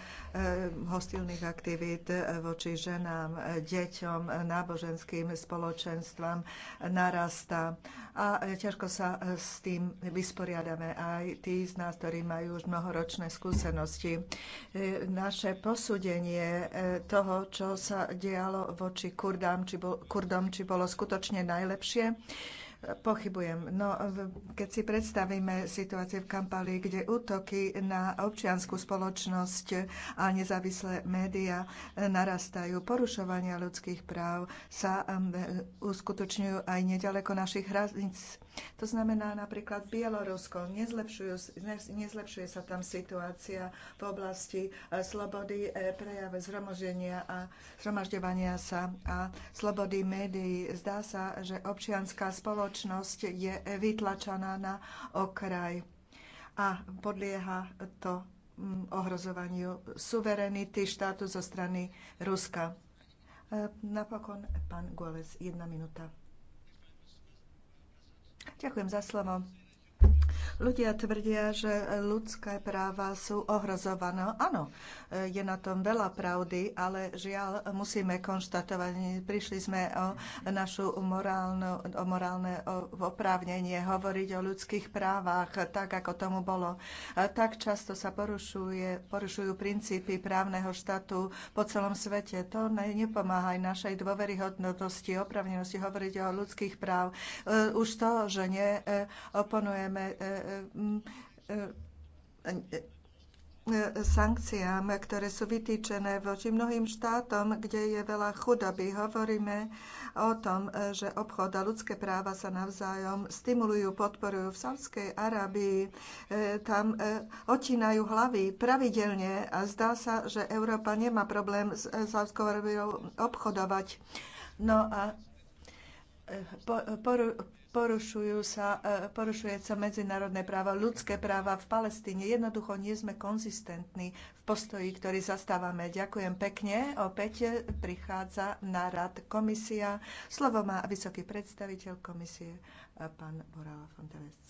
hostilných aktivít eh, voči ženám, eh, deťom, náboženským spoločenstvám narastá. A ťažko sa s tým vysporiadame aj tí z nás, ktorí majú už mnohoročné skúsenosti. Naše posúdenie toho, čo sa dialo voči Kurdám, či bol, Kurdom, či bolo skutočne najlepšie, Pochybujem. No, keď si predstavíme situáciu v Kampali, kde útoky na občianskú spoločnosť a nezávislé médiá narastajú, porušovania ľudských práv sa um, e, uskutočňujú aj nedaleko našich hraníc to znamená napríklad Bielorusko. nezlepšuje sa tam situácia v oblasti e, slobody e, prejave zhromaženia a zhromažďovania sa a slobody médií. Zdá sa, že občianská spoločnosť je e, vytlačaná na okraj a podlieha to ohrozovaniu suverenity štátu zo strany Ruska. Napokon pán Goles, jedna minúta. Ďakujem za slovo. Ľudia tvrdia, že ľudské práva sú ohrozované. Áno, je na tom veľa pravdy, ale žiaľ musíme konštatovať, prišli sme o našu morálnu, o morálne oprávnenie hovoriť o ľudských právach, tak ako tomu bolo. Tak často sa porušuje, porušujú princípy právneho štátu po celom svete. To nepomáha aj našej dôveryhodnosti, oprávnenosti, hovoriť o ľudských práv. Už to, že neoponujeme E, e, e, sankciám, ktoré sú vytýčené voči mnohým štátom, kde je veľa chudoby. Hovoríme o tom, že obchod a ľudské práva sa navzájom stimulujú, podporujú. V Sávskej Arábii tam otínajú hlavy pravidelne a zdá sa, že Európa nemá problém s Sávskou Arábiou obchodovať. No a porušujú sa, e, porušuje sa medzinárodné práva, ľudské práva v Palestíne. Jednoducho nie sme konzistentní v postoji, ktorý zastávame. Ďakujem pekne. Opäť prichádza na rad komisia. Slovo má vysoký predstaviteľ komisie, e, pán Borala Fontelec.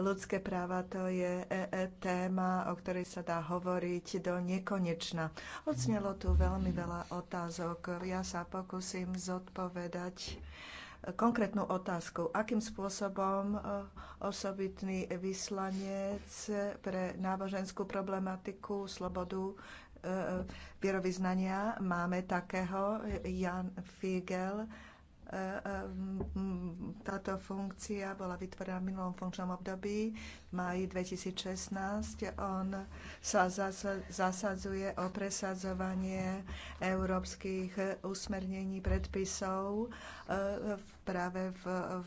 ľudské práva to je e, e, téma, o ktorej sa dá hovoriť do nekonečna. Odsnelo tu veľmi veľa otázok. Ja sa pokúsim zodpovedať konkrétnu otázku. Akým spôsobom e, osobitný vyslanec pre náboženskú problematiku, slobodu e, e, vierovýznania máme takého, Jan Figel, E, e, táto funkcia bola vytvorená v minulom funkčnom období máji 2016. On sa zasadzuje o presadzovanie európskych usmernení predpisov e, práve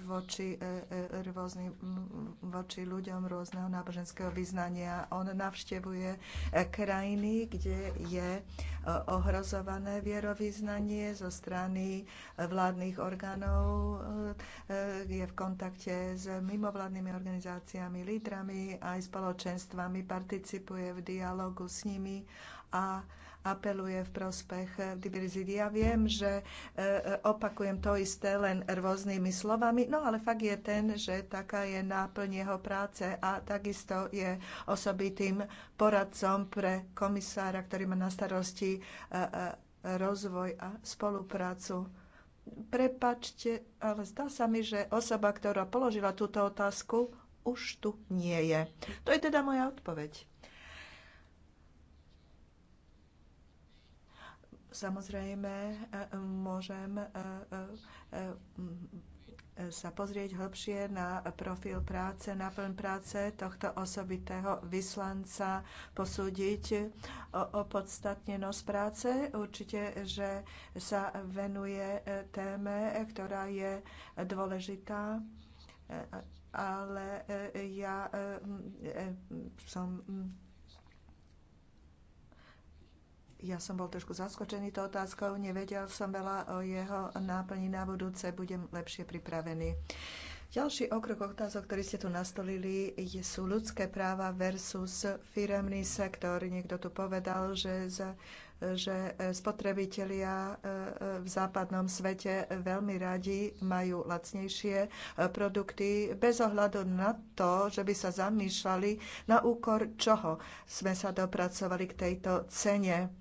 voči, e, e, rôzny, voči ľuďom rôzneho náboženského vyznania. On navštevuje krajiny, kde je ohrozované vierovýznanie zo strany vládnych orgánov, je v kontakte s mimovládnymi organizáciami, lídrami lídrami aj spoločenstvami, participuje v dialogu s nimi a apeluje v prospech diverzity. Ja viem, že e, e, opakujem to isté len rôznymi slovami, no ale fakt je ten, že taká je náplň jeho práce a takisto je osobitým poradcom pre komisára, ktorý má na starosti e, rozvoj a spoluprácu. Prepačte, ale zdá sa mi, že osoba, ktorá položila túto otázku, už tu nie je. To je teda moja odpoveď. Samozrejme, môžem eh, eh, sa pozrieť hlbšie na profil práce, na plň práce tohto osobitého vyslanca, posúdiť podstatnenosť práce. Určite, že sa venuje eh, téme, ktorá je dôležitá ale e, ja e, e, som ja som bol trošku zaskočený tou otázkou, nevedel som veľa o jeho náplni na budúce, budem lepšie pripravený. Ďalší okrok otázok, ktorý ste tu nastolili, sú ľudské práva versus firemný sektor. Niekto tu povedal, že za že e, spotrebitelia e, e, v západnom svete veľmi radi majú lacnejšie produkty bez ohľadu na to, že by sa zamýšľali na úkor čoho sme sa dopracovali k tejto cene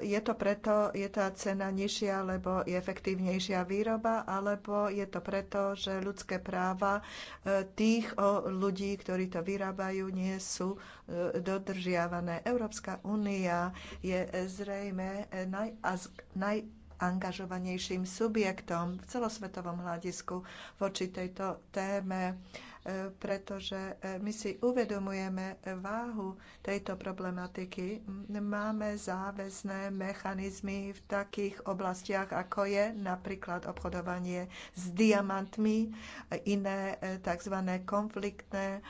je to preto, je tá cena nižšia, lebo je efektívnejšia výroba, alebo je to preto, že ľudské práva e, tých ľudí, ktorí to vyrábajú, nie sú e, dodržiavané. Európska únia je zrejme naj, angažovanejším subjektom v celosvetovom hľadisku voči tejto téme. E, pretože e, my si uvedomujeme váhu tejto problematiky. Máme záväzné mechanizmy v takých oblastiach, ako je napríklad obchodovanie s diamantmi, iné e, tzv. konfliktné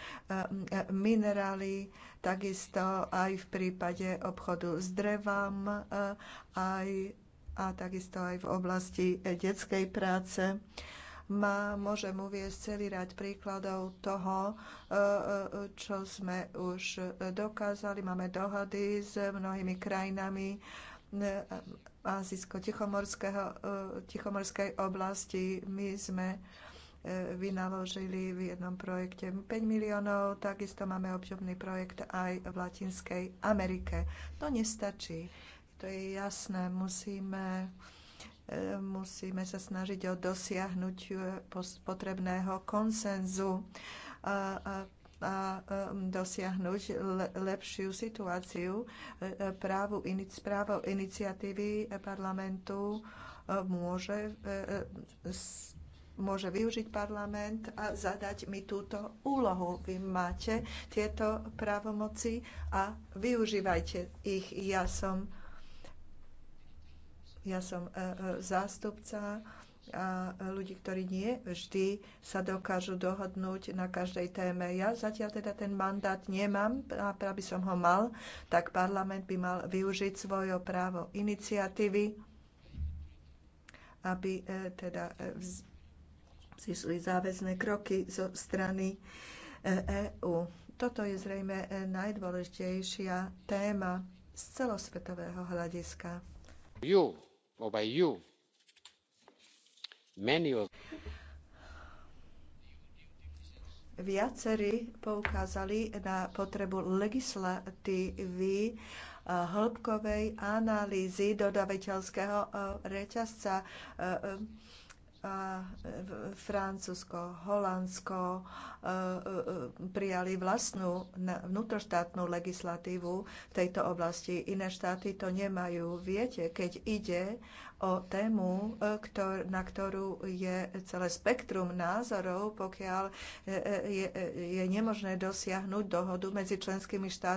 minerály, takisto aj v prípade obchodu s drevom, aj, a takisto aj v oblasti detskej práce. Má, môžem uviesť celý rad príkladov toho, e, e, čo sme už dokázali. Máme dohody s mnohými krajinami e, Azijsko-Tichomorskej oblasti. My sme vynaložili v jednom projekte 5 miliónov, takisto máme obdobný projekt aj v Latinskej Amerike. To nestačí, to je jasné, musíme musíme sa snažiť o dosiahnuť e, potrebného konsenzu a, a um, dosiahnuť lepšiu situáciu. E, e, právu, právo iniciatívy parlamentu môže, môže využiť parlament a zadať mi túto úlohu. Vy máte tieto právomoci a využívajte ich. Ja som ja som e, e, zástupca a e, ľudí, ktorí nie vždy sa dokážu dohodnúť na každej téme. Ja zatiaľ teda ten mandát nemám, a aby som ho mal, tak parlament by mal využiť svoje právo iniciatívy, aby teda vzýšli záväzné kroky zo strany EÚ. Toto je zrejme najdôležitejšia téma z celosvetového hľadiska. You or by you many of Viacerí poukázali na potrebu legislatívy eh, hĺbkovej analýzy dodavateľského eh, reťazca eh, a Francúzsko, Holandsko e, e, prijali vlastnú vnútroštátnu legislatívu v tejto oblasti. Iné štáty to nemajú. Viete, keď ide o tému, e, na ktorú je celé spektrum názorov, pokiaľ je nemožné dosiahnuť dohodu medzi členskými štátmi,